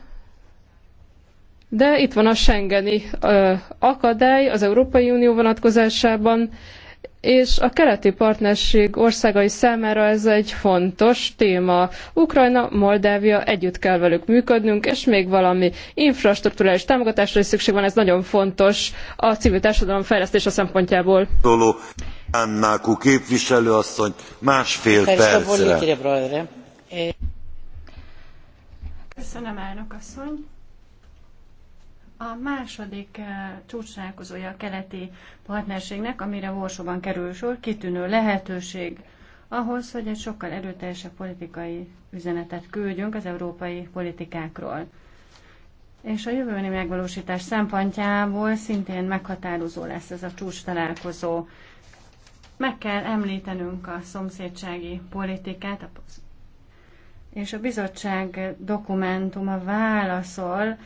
de itt van a Schengeni ö, akadály az Európai Unió vonatkozásában és a keleti partnerség országai számára ez egy fontos téma. Ukrajna, Moldávia, együtt kell velük működnünk, és még valami infrastrukturális támogatásra is szükség van, ez nagyon fontos a civil társadalom fejlesztése szempontjából. Annákú képviselőasszony másfél percre. Köszönöm, elnök asszony. A második eh, csúcsrálkozója a keleti partnerségnek, amire Vorsóban kerül sor, kitűnő lehetőség ahhoz, hogy egy sokkal erőteljesebb politikai üzenetet küldjünk az európai politikákról. És a jövőbeni megvalósítás szempontjából szintén meghatározó lesz ez a csúcs találkozó. Meg kell említenünk a szomszédsági politikát, és a bizottság dokumentuma válaszol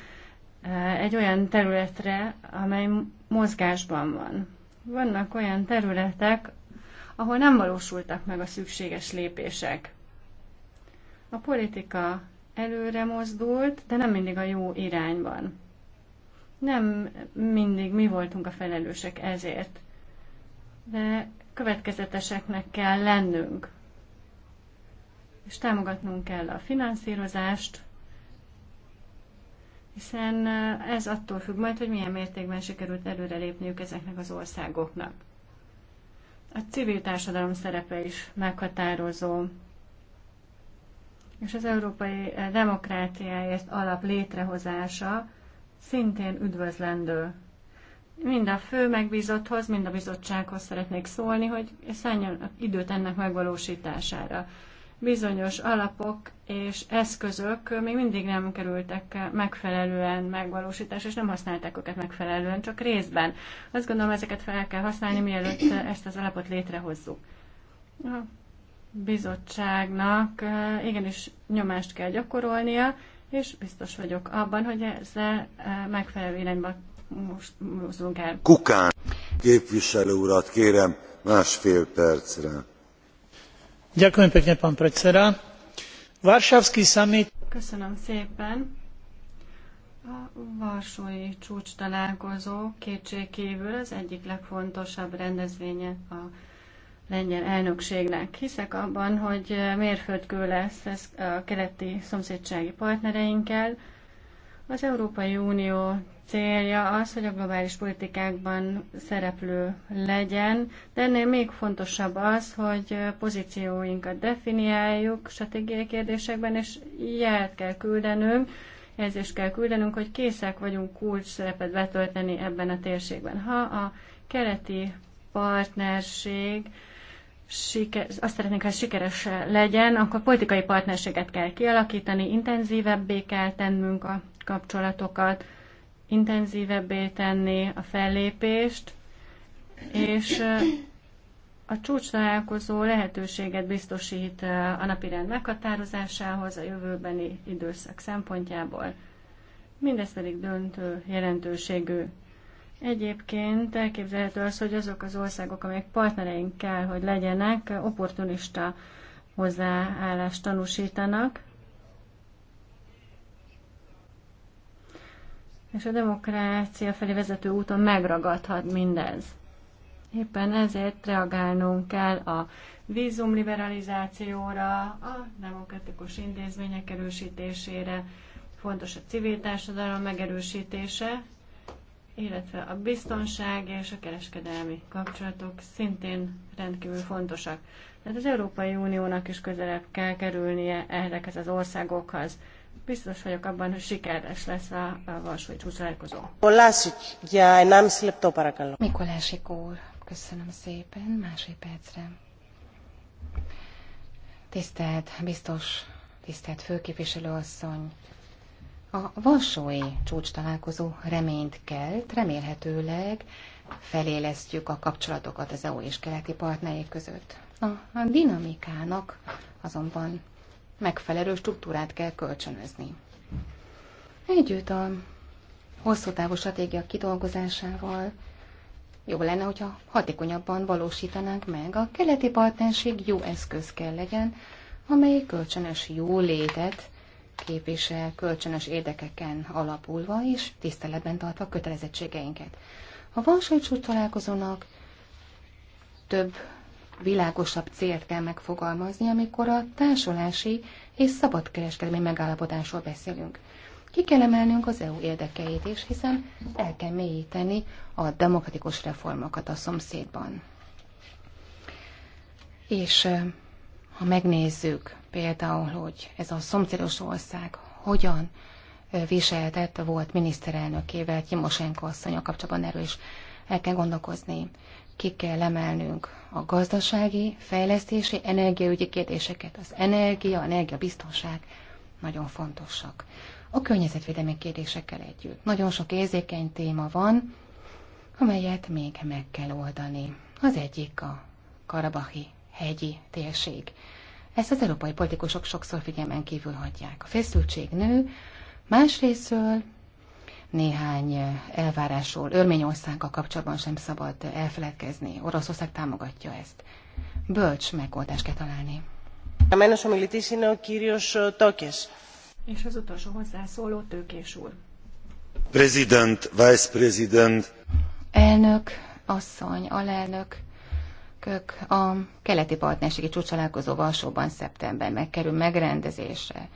egy olyan területre, amely mozgásban van. Vannak olyan területek, ahol nem valósultak meg a szükséges lépések. A politika előre mozdult, de nem mindig a jó irányban. Nem mindig mi voltunk a felelősek ezért, de következeteseknek kell lennünk, és támogatnunk kell a finanszírozást, hiszen eh, ez attól függ majd, hogy milyen mértékben sikerült előrelépniük ezeknek az országoknak. A civil társadalom szerepe is meghatározó, és az európai eh, demokráciáért alap létrehozása szintén üdvözlendő. Mind a fő megbízotthoz, mind a bizottsághoz szeretnék szólni, hogy szálljon időt ennek megvalósítására bizonyos alapok és eszközök még mindig nem kerültek megfelelően megvalósításra, és nem használták őket megfelelően, csak részben. Azt gondolom, ezeket fel kell használni, mielőtt ezt az alapot létrehozzuk. A bizottságnak eh, igenis nyomást kell gyakorolnia, és biztos vagyok abban, hogy ezzel eh, megfelelő irányba most mozdulunk el. Kukán képviselő urat kérem másfél percre varšavský samit Köszönöm szépen. A Varsói csúcstalálkozó kétségkvül az egyik legfontosabb rendezvénye a lengyel elnökségnek. Hiszek abban, hogy mérföldkő lesz ez a keleti szomszédsági partnereinkkel. Az Európai Unió célja az, hogy a globális politikákban szereplő legyen, de ennél még fontosabb az, hogy pozícióinkat definiáljuk stratégiai kérdésekben, és jelet kell küldenünk, jelzést kell küldenünk, hogy készek vagyunk kulcs szerepet betölteni ebben a térségben. Ha a keleti partnerség siker, azt szeretnénk, hogy sikeres legyen, akkor politikai partnerséget kell kialakítani, intenzívebbé kell tennünk a kapcsolatokat, intenzívebbé tenni a fellépést, és a csúcs találkozó lehetőséget biztosít a napirend meghatározásához a jövőbeni időszak szempontjából. Mindez pedig döntő jelentőségű. Egyébként elképzelhető az, hogy azok az országok, amelyek partnereink kell, hogy legyenek, opportunista hozzáállást tanúsítanak, és a demokrácia felé vezető úton megragadhat mindez. Éppen ezért reagálnunk kell a vízumliberalizációra, a demokratikus intézmények erősítésére, fontos a civil társadalom megerősítése, illetve a biztonság és a kereskedelmi kapcsolatok szintén rendkívül fontosak. Tehát az Európai Uniónak is közelebb kell kerülnie ezekhez az országokhoz. Biztos vagyok abban, hogy sikeres lesz a, a Varsói csúcsalálkozó. Mikolásik úr, köszönöm szépen, másik percre. Tisztelt biztos, tisztelt főképviselő asszony, a Varsói csúcs találkozó reményt kelt, remélhetőleg felélesztjük a kapcsolatokat az EU és keleti partnerek között. A, a dinamikának azonban megfelelő struktúrát kell kölcsönözni. Együtt a hosszú távú stratégia kidolgozásával jó lenne, hogyha hatékonyabban valósítanánk meg. A keleti partnerség jó eszköz kell legyen, amely kölcsönös jó létet képvisel, kölcsönös érdekeken alapulva és tiszteletben tartva kötelezettségeinket. A Varsói találkozónak több világosabb célt kell megfogalmazni, amikor a társulási és szabadkereskedelmi megállapodásról beszélünk. Ki kell emelnünk az EU érdekeit is, hiszen el kell mélyíteni a demokratikus reformokat a szomszédban. És ha megnézzük például, hogy ez a szomszédos ország hogyan viseltett volt miniszterelnökével, Timosenko a kapcsolatban erről is el kell gondolkozni ki kell emelnünk a gazdasági, fejlesztési, energiaügyi kérdéseket. Az energia, energia biztonság nagyon fontosak. A környezetvédelmi kérdésekkel együtt. Nagyon sok érzékeny téma van, amelyet még meg kell oldani. Az egyik a Karabahi hegyi térség. Ezt az európai politikusok sokszor figyelmen kívül hagyják. A feszültség nő, másrésztről néhány eh, elvárásról Örményországgal kapcsolatban sem szabad elfeledkezni. Oroszország támogatja ezt. Bölcs megoldást kell találni. A eh, És az utolsó hozzászóló Tőkés úr. President, Vice President. Elnök, asszony, alelnök, Kök a keleti partnerségi csúcsalálkozó Valsóban szeptemberben kerül megrendezésre.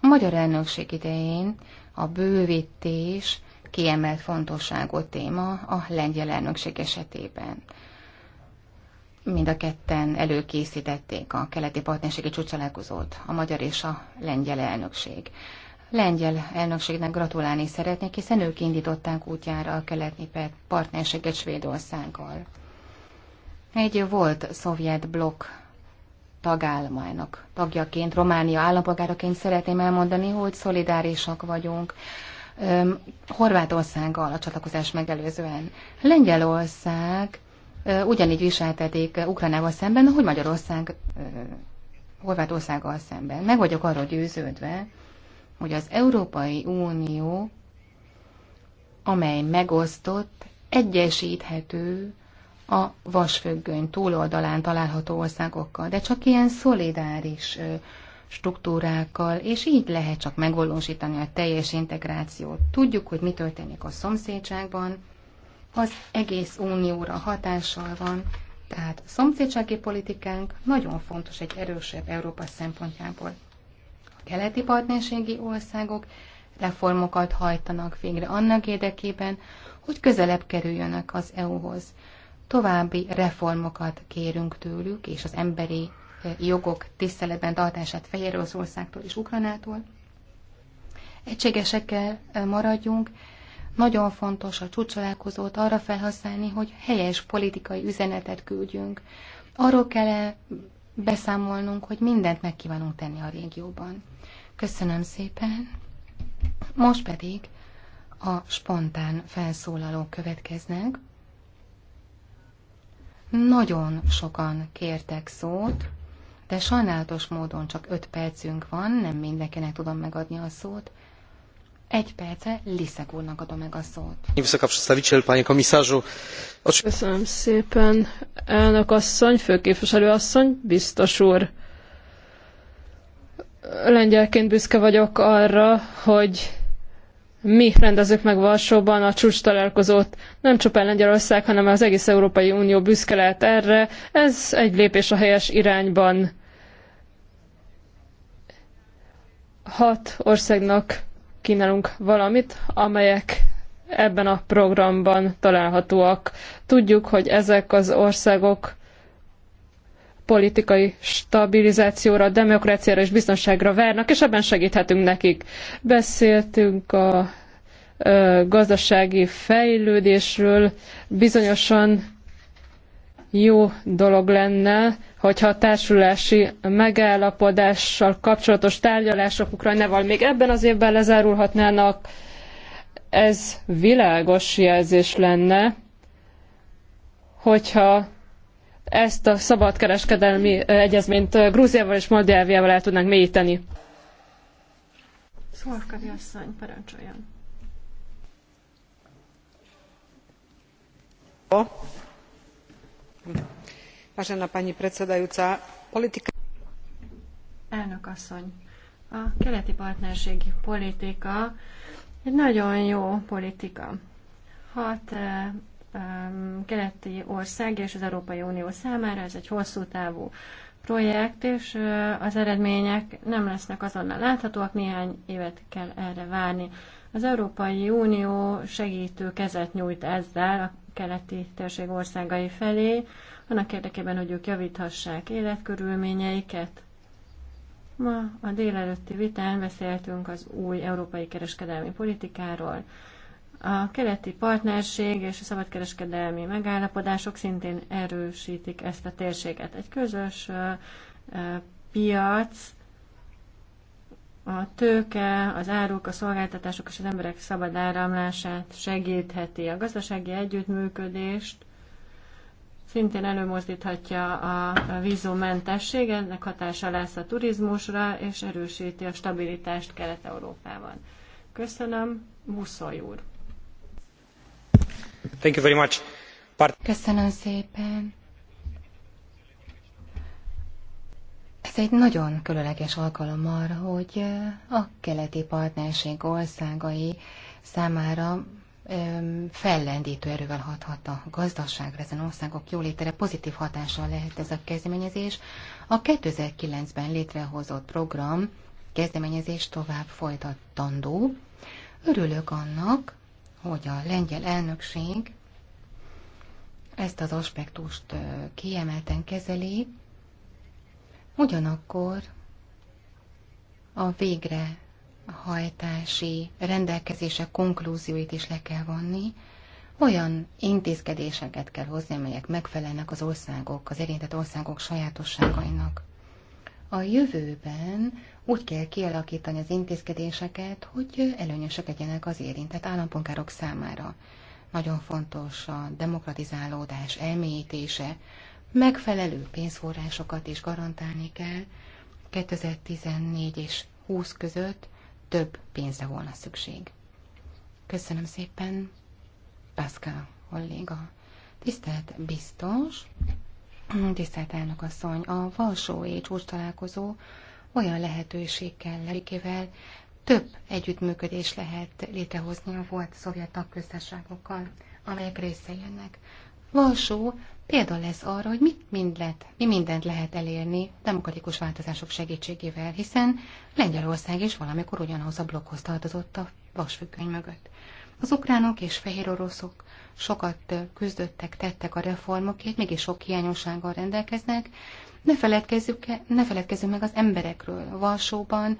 A magyar elnökség idején a bővítés kiemelt fontosságú téma a lengyel elnökség esetében. Mind a ketten előkészítették a keleti partnerségi csúcsalálkozót, a magyar és a lengyel elnökség. Lengyel elnökségnek gratulálni szeretnék, hiszen ők indították útjára a keleti partnerséget Svédországgal. Egy volt szovjet blokk tagállamának tagjaként, Románia állampolgáraként szeretném elmondani, hogy szolidárisak vagyunk Horvátországgal a csatlakozás megelőzően. Lengyelország ugyanígy viseltetik Ukrajnával szemben, ahogy Magyarország Horvátországgal szemben. Meg vagyok arról győződve, hogy az Európai Unió, amely megosztott, egyesíthető a vasfüggöny túloldalán található országokkal, de csak ilyen szolidáris struktúrákkal, és így lehet csak megvalósítani a teljes integrációt. Tudjuk, hogy mi történik a szomszédságban, az egész unióra hatással van, tehát a szomszédsági politikánk nagyon fontos egy erősebb Európa szempontjából. A keleti partnerségi országok reformokat hajtanak végre annak érdekében, hogy közelebb kerüljönek az EU-hoz. További reformokat kérünk tőlük, és az emberi jogok tiszteletben tartását Fehér Oroszországtól és Ukrajnától. Egységesekkel maradjunk. Nagyon fontos a csúcsolálkozót arra felhasználni, hogy helyes politikai üzenetet küldjünk. Arról kell -e beszámolnunk, hogy mindent megkívánunk tenni a régióban. Köszönöm szépen. Most pedig a spontán felszólalók következnek. Nagyon sokan kértek szót de sajnálatos módon csak öt percünk van, nem mindenkinek tudom megadni a szót. Egy perce Liszek úrnak adom meg a szót. Köszönöm szépen, elnök asszony, főképviselő asszony, biztos úr. Lengyelként büszke vagyok arra, hogy mi rendezzük meg Varsóban a csúcs találkozót. Nem csupán Lengyelország, hanem az egész Európai Unió büszke lehet erre. Ez egy lépés a helyes irányban. Hat országnak kínálunk valamit, amelyek ebben a programban találhatóak. Tudjuk, hogy ezek az országok politikai stabilizációra, demokráciára és biztonságra várnak, és ebben segíthetünk nekik. Beszéltünk a gazdasági fejlődésről, bizonyosan jó dolog lenne, hogyha a társulási megállapodással kapcsolatos tárgyalások Ukrajnával még ebben az évben lezárulhatnának. Ez világos jelzés lenne, hogyha ezt a szabadkereskedelmi egyezményt Grúziával és Moldáviával el tudnánk mélyíteni. Szolkadi asszony, parancsoljon. Vážená pani predsedajúca, politika... Elnök asszony, a keleti partnerségi politika egy nagyon jó politika. Hat Um, keleti ország és az Európai Unió számára. Ez egy hosszú távú projekt, és az eredmények nem lesznek azonnal láthatóak, néhány évet kell erre várni. Az Európai Unió segítő kezet nyújt ezzel a keleti térség országai felé, annak érdekében, hogy ők javíthassák életkörülményeiket. Ma a délelőtti vitán beszéltünk az új európai kereskedelmi politikáról. A keleti partnerség és a szabadkereskedelmi megállapodások szintén erősítik ezt a térséget. Egy közös piac, a tőke, az áruk, a szolgáltatások és az emberek szabad áramlását segítheti. A gazdasági együttműködést szintén előmozdíthatja a vízumentesség, ennek hatása lesz a turizmusra, és erősíti a stabilitást Kelet-Európában. Köszönöm, Buszoly úr! Thank Ez egy nagyon különleges alkalom arra, hogy a keleti partnerség országai számára fellendítő erővel hathat a gazdaságra, ezen országok jólétere pozitív hatással lehet ez a kezdeményezés. A 2009-ben létrehozott program kezdeményezés tovább folytattandó. Örülök annak, hogy a lengyel elnökség ezt az aspektust kiemelten kezeli, ugyanakkor a végrehajtási rendelkezések konklúzióit is le kell vonni, olyan intézkedéseket kell hozni, amelyek megfelelnek az országok, az érintett országok sajátosságainak a jövőben úgy kell kialakítani az intézkedéseket, hogy előnyösek legyenek az érintett állampolgárok számára. Nagyon fontos a demokratizálódás elmélyítése, megfelelő pénzforrásokat is garantálni kell. 2014 és 20 között több pénzre volna szükség. Köszönöm szépen, Pascal kolléga. Tisztelt biztos, Tisztelt elnök asszony, a Valsói csúcs találkozó olyan lehetőségkel, lelikével több együttműködés lehet létrehozni a volt szovjet tagköztárságokkal, amelyek része jönnek. Valsó példa lesz arra, hogy mit mind lehet, mi mindent lehet elérni demokratikus változások segítségével, hiszen Lengyelország is valamikor ugyanahoz a blokkhoz tartozott a vasfüggöny mögött. Az ukránok és fehér oroszok sokat küzdöttek, tettek a reformokért, mégis sok hiányossággal rendelkeznek. Ne feledkezzük, ne feledkezzük meg az emberekről. Valsóban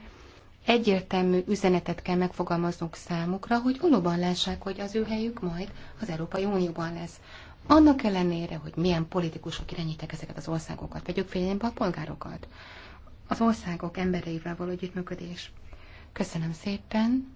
egyértelmű üzenetet kell megfogalmaznunk számukra, hogy valóban lássák, hogy az ő helyük majd az Európai Unióban lesz. Annak ellenére, hogy milyen politikusok irányítják ezeket az országokat, vegyük figyelembe a polgárokat. Az országok embereivel való együttműködés. Köszönöm szépen!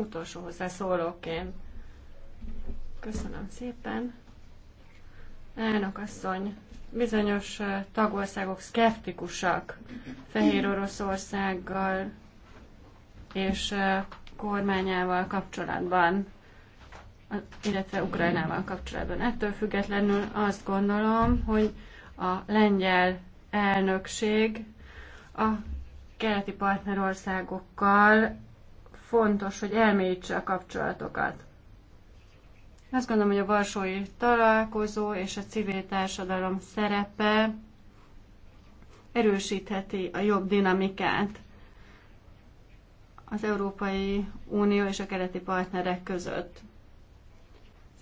utolsó hozzászólóként. Köszönöm szépen. Elnök asszony, bizonyos tagországok szkeptikusak Fehér Oroszországgal és kormányával kapcsolatban, illetve Ukrajnával kapcsolatban. Ettől függetlenül azt gondolom, hogy a lengyel elnökség a keleti partnerországokkal fontos, hogy elmélyítse a kapcsolatokat. Azt gondolom, hogy a Varsói találkozó és a civil társadalom szerepe erősítheti a jobb dinamikát az Európai Unió és a keleti partnerek között.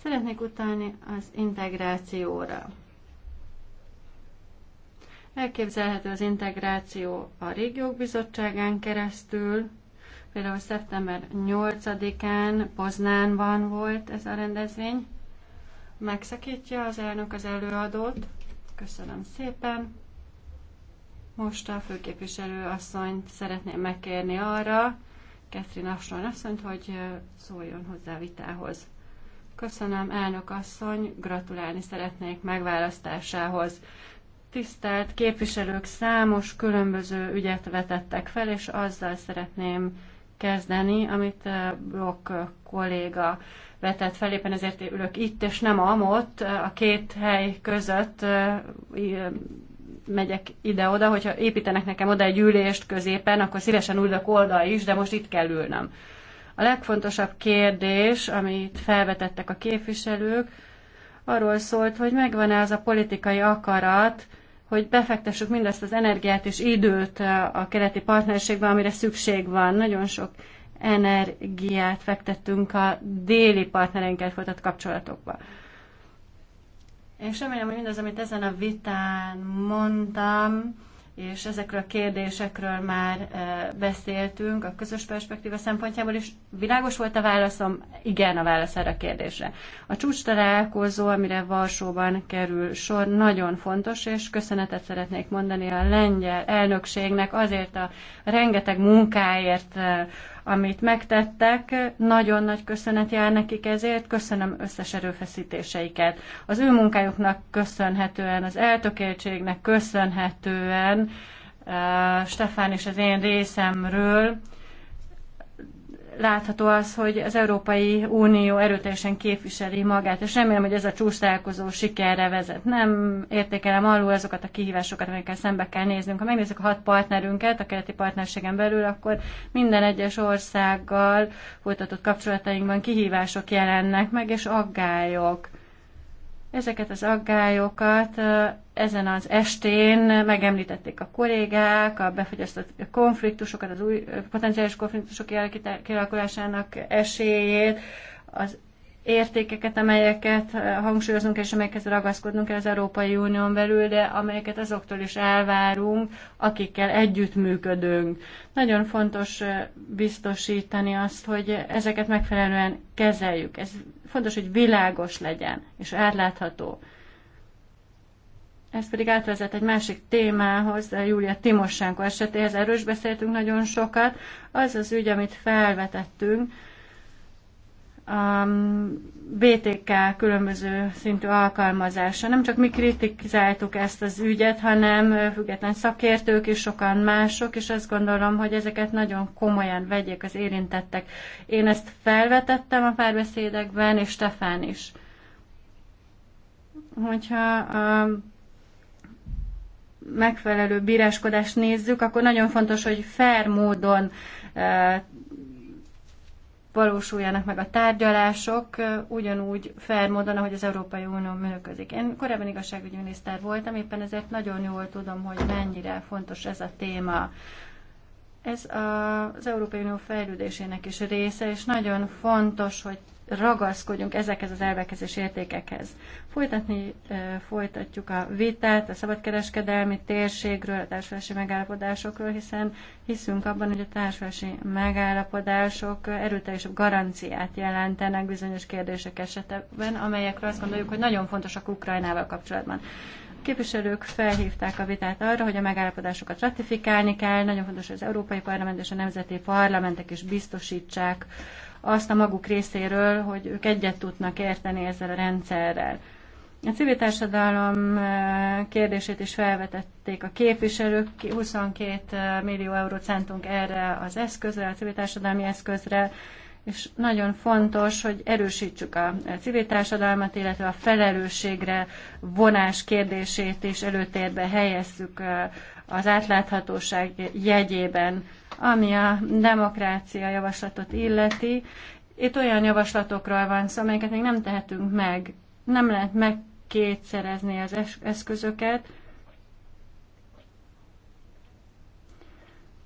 Szeretnék utalni az integrációra. Elképzelhető az integráció a régiók bizottságán keresztül, Például szeptember 8-án Poznánban volt ez a rendezvény. Megszakítja az elnök az előadót. Köszönöm szépen. Most a főképviselő asszonyt szeretném megkérni arra, Catherine Asson asszonyt, hogy szóljon hozzá a vitához. Köszönöm, elnök asszony, gratulálni szeretnék megválasztásához. Tisztelt képviselők számos különböző ügyet vetettek fel, és azzal szeretném kezdeni, amit eh, Blok eh, kolléga vetett fel, éppen ezért ülök itt, és nem amott, eh, a két hely között megyek ide-oda, hogyha építenek nekem oda egy ülést középen, akkor szívesen ülök oldal is, de most itt kell ülnem. A legfontosabb kérdés, amit felvetettek a képviselők, arról szólt, hogy megvan-e az a politikai akarat, hogy befektessük mindazt az energiát és időt eh, a keleti partnerségbe, amire szükség van. Nagyon sok energiát fektettünk a déli partnereinkkel folytatott kapcsolatokba. És remélem, hogy mindaz, amit ezen a vitán mondtam, és ezekről a kérdésekről már e, beszéltünk a közös perspektíva szempontjából, és világos volt a válaszom, igen a válasz erre a kérdésre. A csúcs találkozó, amire Varsóban kerül sor, nagyon fontos, és köszönetet szeretnék mondani a lengyel elnökségnek azért a rengeteg munkáért, e, amit megtettek. Nagyon nagy köszönet jár nekik ezért, köszönöm összes erőfeszítéseiket. Az ő munkájuknak köszönhetően, az eltökéltségnek köszönhetően, uh, Stefán és az én részemről látható az, hogy az Európai Unió erőteljesen képviseli magát, és remélem, hogy ez a csúcs találkozó sikerre vezet. Nem értékelem alul azokat a kihívásokat, amikkel szembe kell néznünk. Ha megnézzük a hat partnerünket a keleti partnerségen belül, akkor minden egyes országgal folytatott kapcsolatainkban kihívások jelennek meg, és aggályok. Ezeket az aggályokat ezen az estén megemlítették a kollégák a befogyasztott konfliktusokat, az új potenciális konfliktusok kialakulásának esélyét, az értékeket, amelyeket eh, hangsúlyozunk és amelyekhez ragaszkodnunk kell az Európai Unión belül, de amelyeket azoktól is elvárunk, akikkel együttműködünk. Nagyon fontos eh, biztosítani azt, hogy ezeket megfelelően kezeljük. Ez fontos, hogy világos legyen és átlátható. Ez pedig átvezet egy másik témához, Júlia Timosánko esetéhez, erről is beszéltünk nagyon sokat. Az az ügy, amit felvetettünk, a BTK különböző szintű alkalmazása. Nem csak mi kritizáltuk ezt az ügyet, hanem független szakértők és sokan mások, és azt gondolom, hogy ezeket nagyon komolyan vegyék az érintettek. Én ezt felvetettem a párbeszédekben, és Stefán is. Hogyha a megfelelő bíráskodást nézzük, akkor nagyon fontos, hogy fair módon eh, valósuljanak meg a tárgyalások, eh, ugyanúgy fair módon, ahogy az Európai Unió működik. Én korábban igazságügyi miniszter voltam, éppen ezért nagyon jól tudom, hogy mennyire fontos ez a téma. Ez az Európai Unió fejlődésének is része, és nagyon fontos, hogy ragaszkodjunk ezekhez az elvekhez és értékekhez. Folytatni folytatjuk a vitát a szabadkereskedelmi térségről, a társulási megállapodásokról, hiszen hiszünk abban, hogy a társulási megállapodások erőteljesebb garanciát jelentenek bizonyos kérdések esetében, amelyekről azt gondoljuk, hogy nagyon fontosak Ukrajnával kapcsolatban képviselők felhívták a vitát arra, hogy a megállapodásokat ratifikálni kell, nagyon fontos, hogy az Európai Parlament és a nemzeti parlamentek is biztosítsák azt a maguk részéről, hogy ők egyet tudnak érteni ezzel a rendszerrel. A civil társadalom eh, kérdését is felvetették a képviselők. 22 eh, millió eurót centunk erre az eszközre, a civil társadalmi eszközre, és nagyon fontos, hogy erősítsük a civil társadalmat, illetve a felelősségre vonás kérdését is előtérbe helyezzük eh, az átláthatóság jegyében, ami a demokrácia javaslatot illeti. Itt olyan javaslatokról van szó, amelyeket még nem tehetünk meg. Nem lehet megkétszerezni az eszközöket,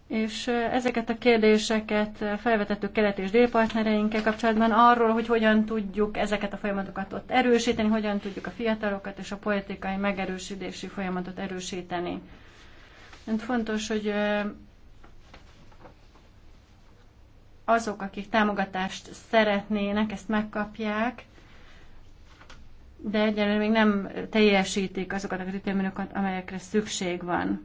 És ezeket a kérdéseket felvetettük kelet és délpartnereinkkel kapcsolatban arról, hogy hogyan tudjuk ezeket a folyamatokat ott erősíteni, hogyan tudjuk a fiatalokat és a politikai megerősítési folyamatot erősíteni. Fontos, hogy azok, akik támogatást szeretnének, ezt megkapják, de egyelőre még nem teljesítik azokat a kritériumokat, amelyekre szükség van.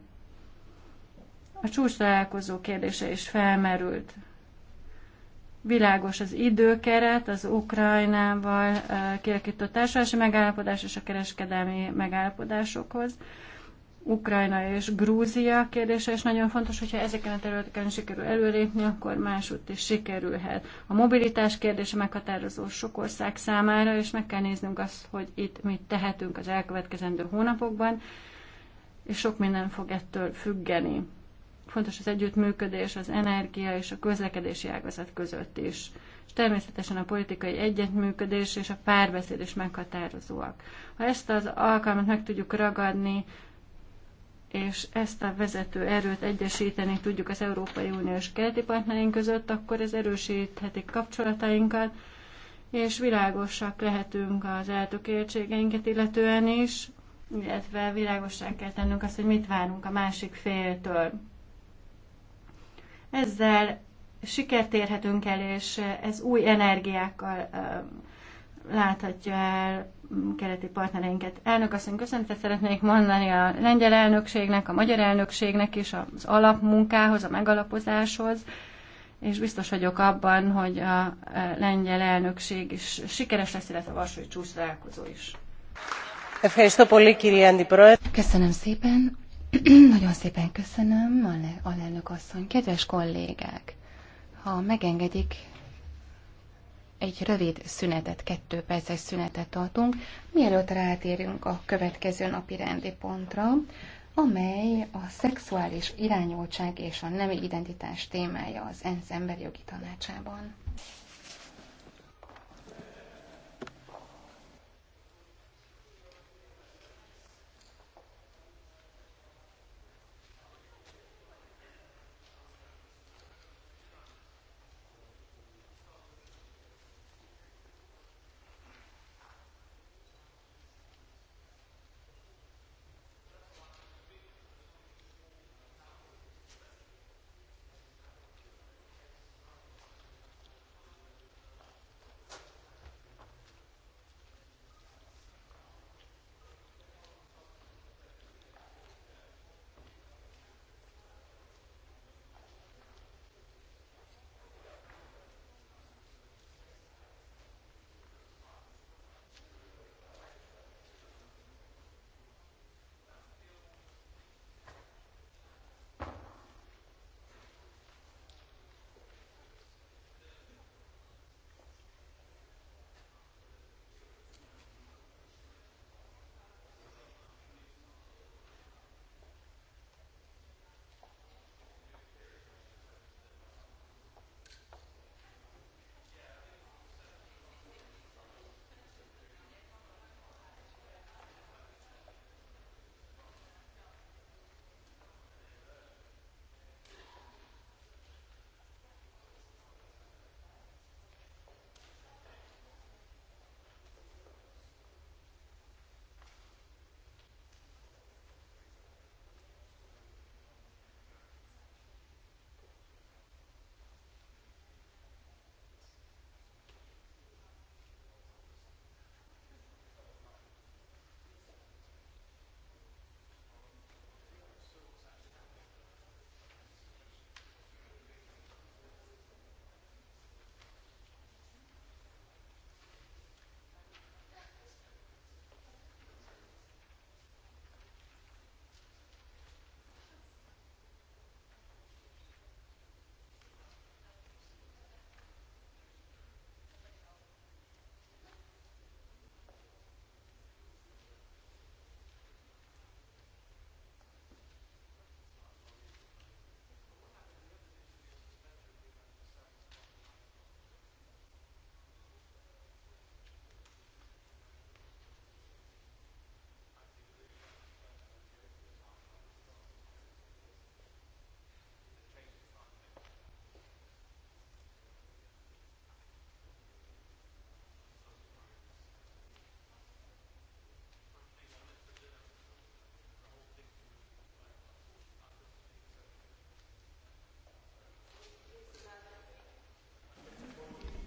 A csúcs találkozó kérdése is felmerült. Világos az időkeret, az Ukrajnával kialakított társadalmi megállapodás és a kereskedelmi megállapodásokhoz. Ukrajna és Grúzia kérdése is nagyon fontos, hogyha ezeken a területeken sikerül előrépni, akkor másútt is sikerülhet. A mobilitás kérdése meghatározó sok ország számára, és meg kell néznünk azt, hogy itt mit tehetünk az elkövetkezendő hónapokban, és sok minden fog ettől függeni. Fontos az együttműködés az energia és a közlekedési ágazat között is és természetesen a politikai egyetműködés és a párbeszéd is meghatározóak. Ha ezt az alkalmat meg tudjuk ragadni, és ezt a vezető erőt egyesíteni tudjuk az Európai Uniós keleti partnereink között, akkor ez erősíthetik kapcsolatainkat, és világosak lehetünk az eltökéltségeinket illetően is, illetve világosság kell tennünk azt, hogy mit várunk a másik féltől. Ezzel sikert érhetünk el, és ez új energiákkal láthatja el keleti partnereinket. Elnök asszony, köszöntet szeretnék mondani a lengyel elnökségnek, a magyar elnökségnek is az alapmunkához, a megalapozáshoz, és biztos vagyok abban, hogy a lengyel elnökség is sikeres lesz, illetve a Varsói csúcs találkozó is. Köszönöm szépen. [CLEARS THROAT] Nagyon szépen köszönöm, a alelnök asszony. Kedves kollégák, ha megengedik, egy rövid szünetet, kettő perces szünetet tartunk, mielőtt rátérünk a következő napi rendi pontra, amely a szexuális irányultság és a nemi identitás témája az ENSZ emberi jogi tanácsában.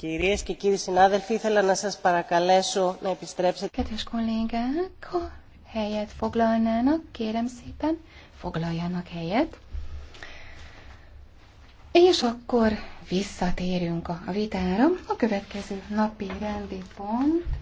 Κυρίες και κύριοι συνάδελφοι, ήθελα να σας παρακαλέσω να επιστρέψετε. Kedves kollégák, ha helyet foglalnának, kérem szépen, foglaljanak helyet. És akkor visszatérünk a vitára. A következő napi rendi pont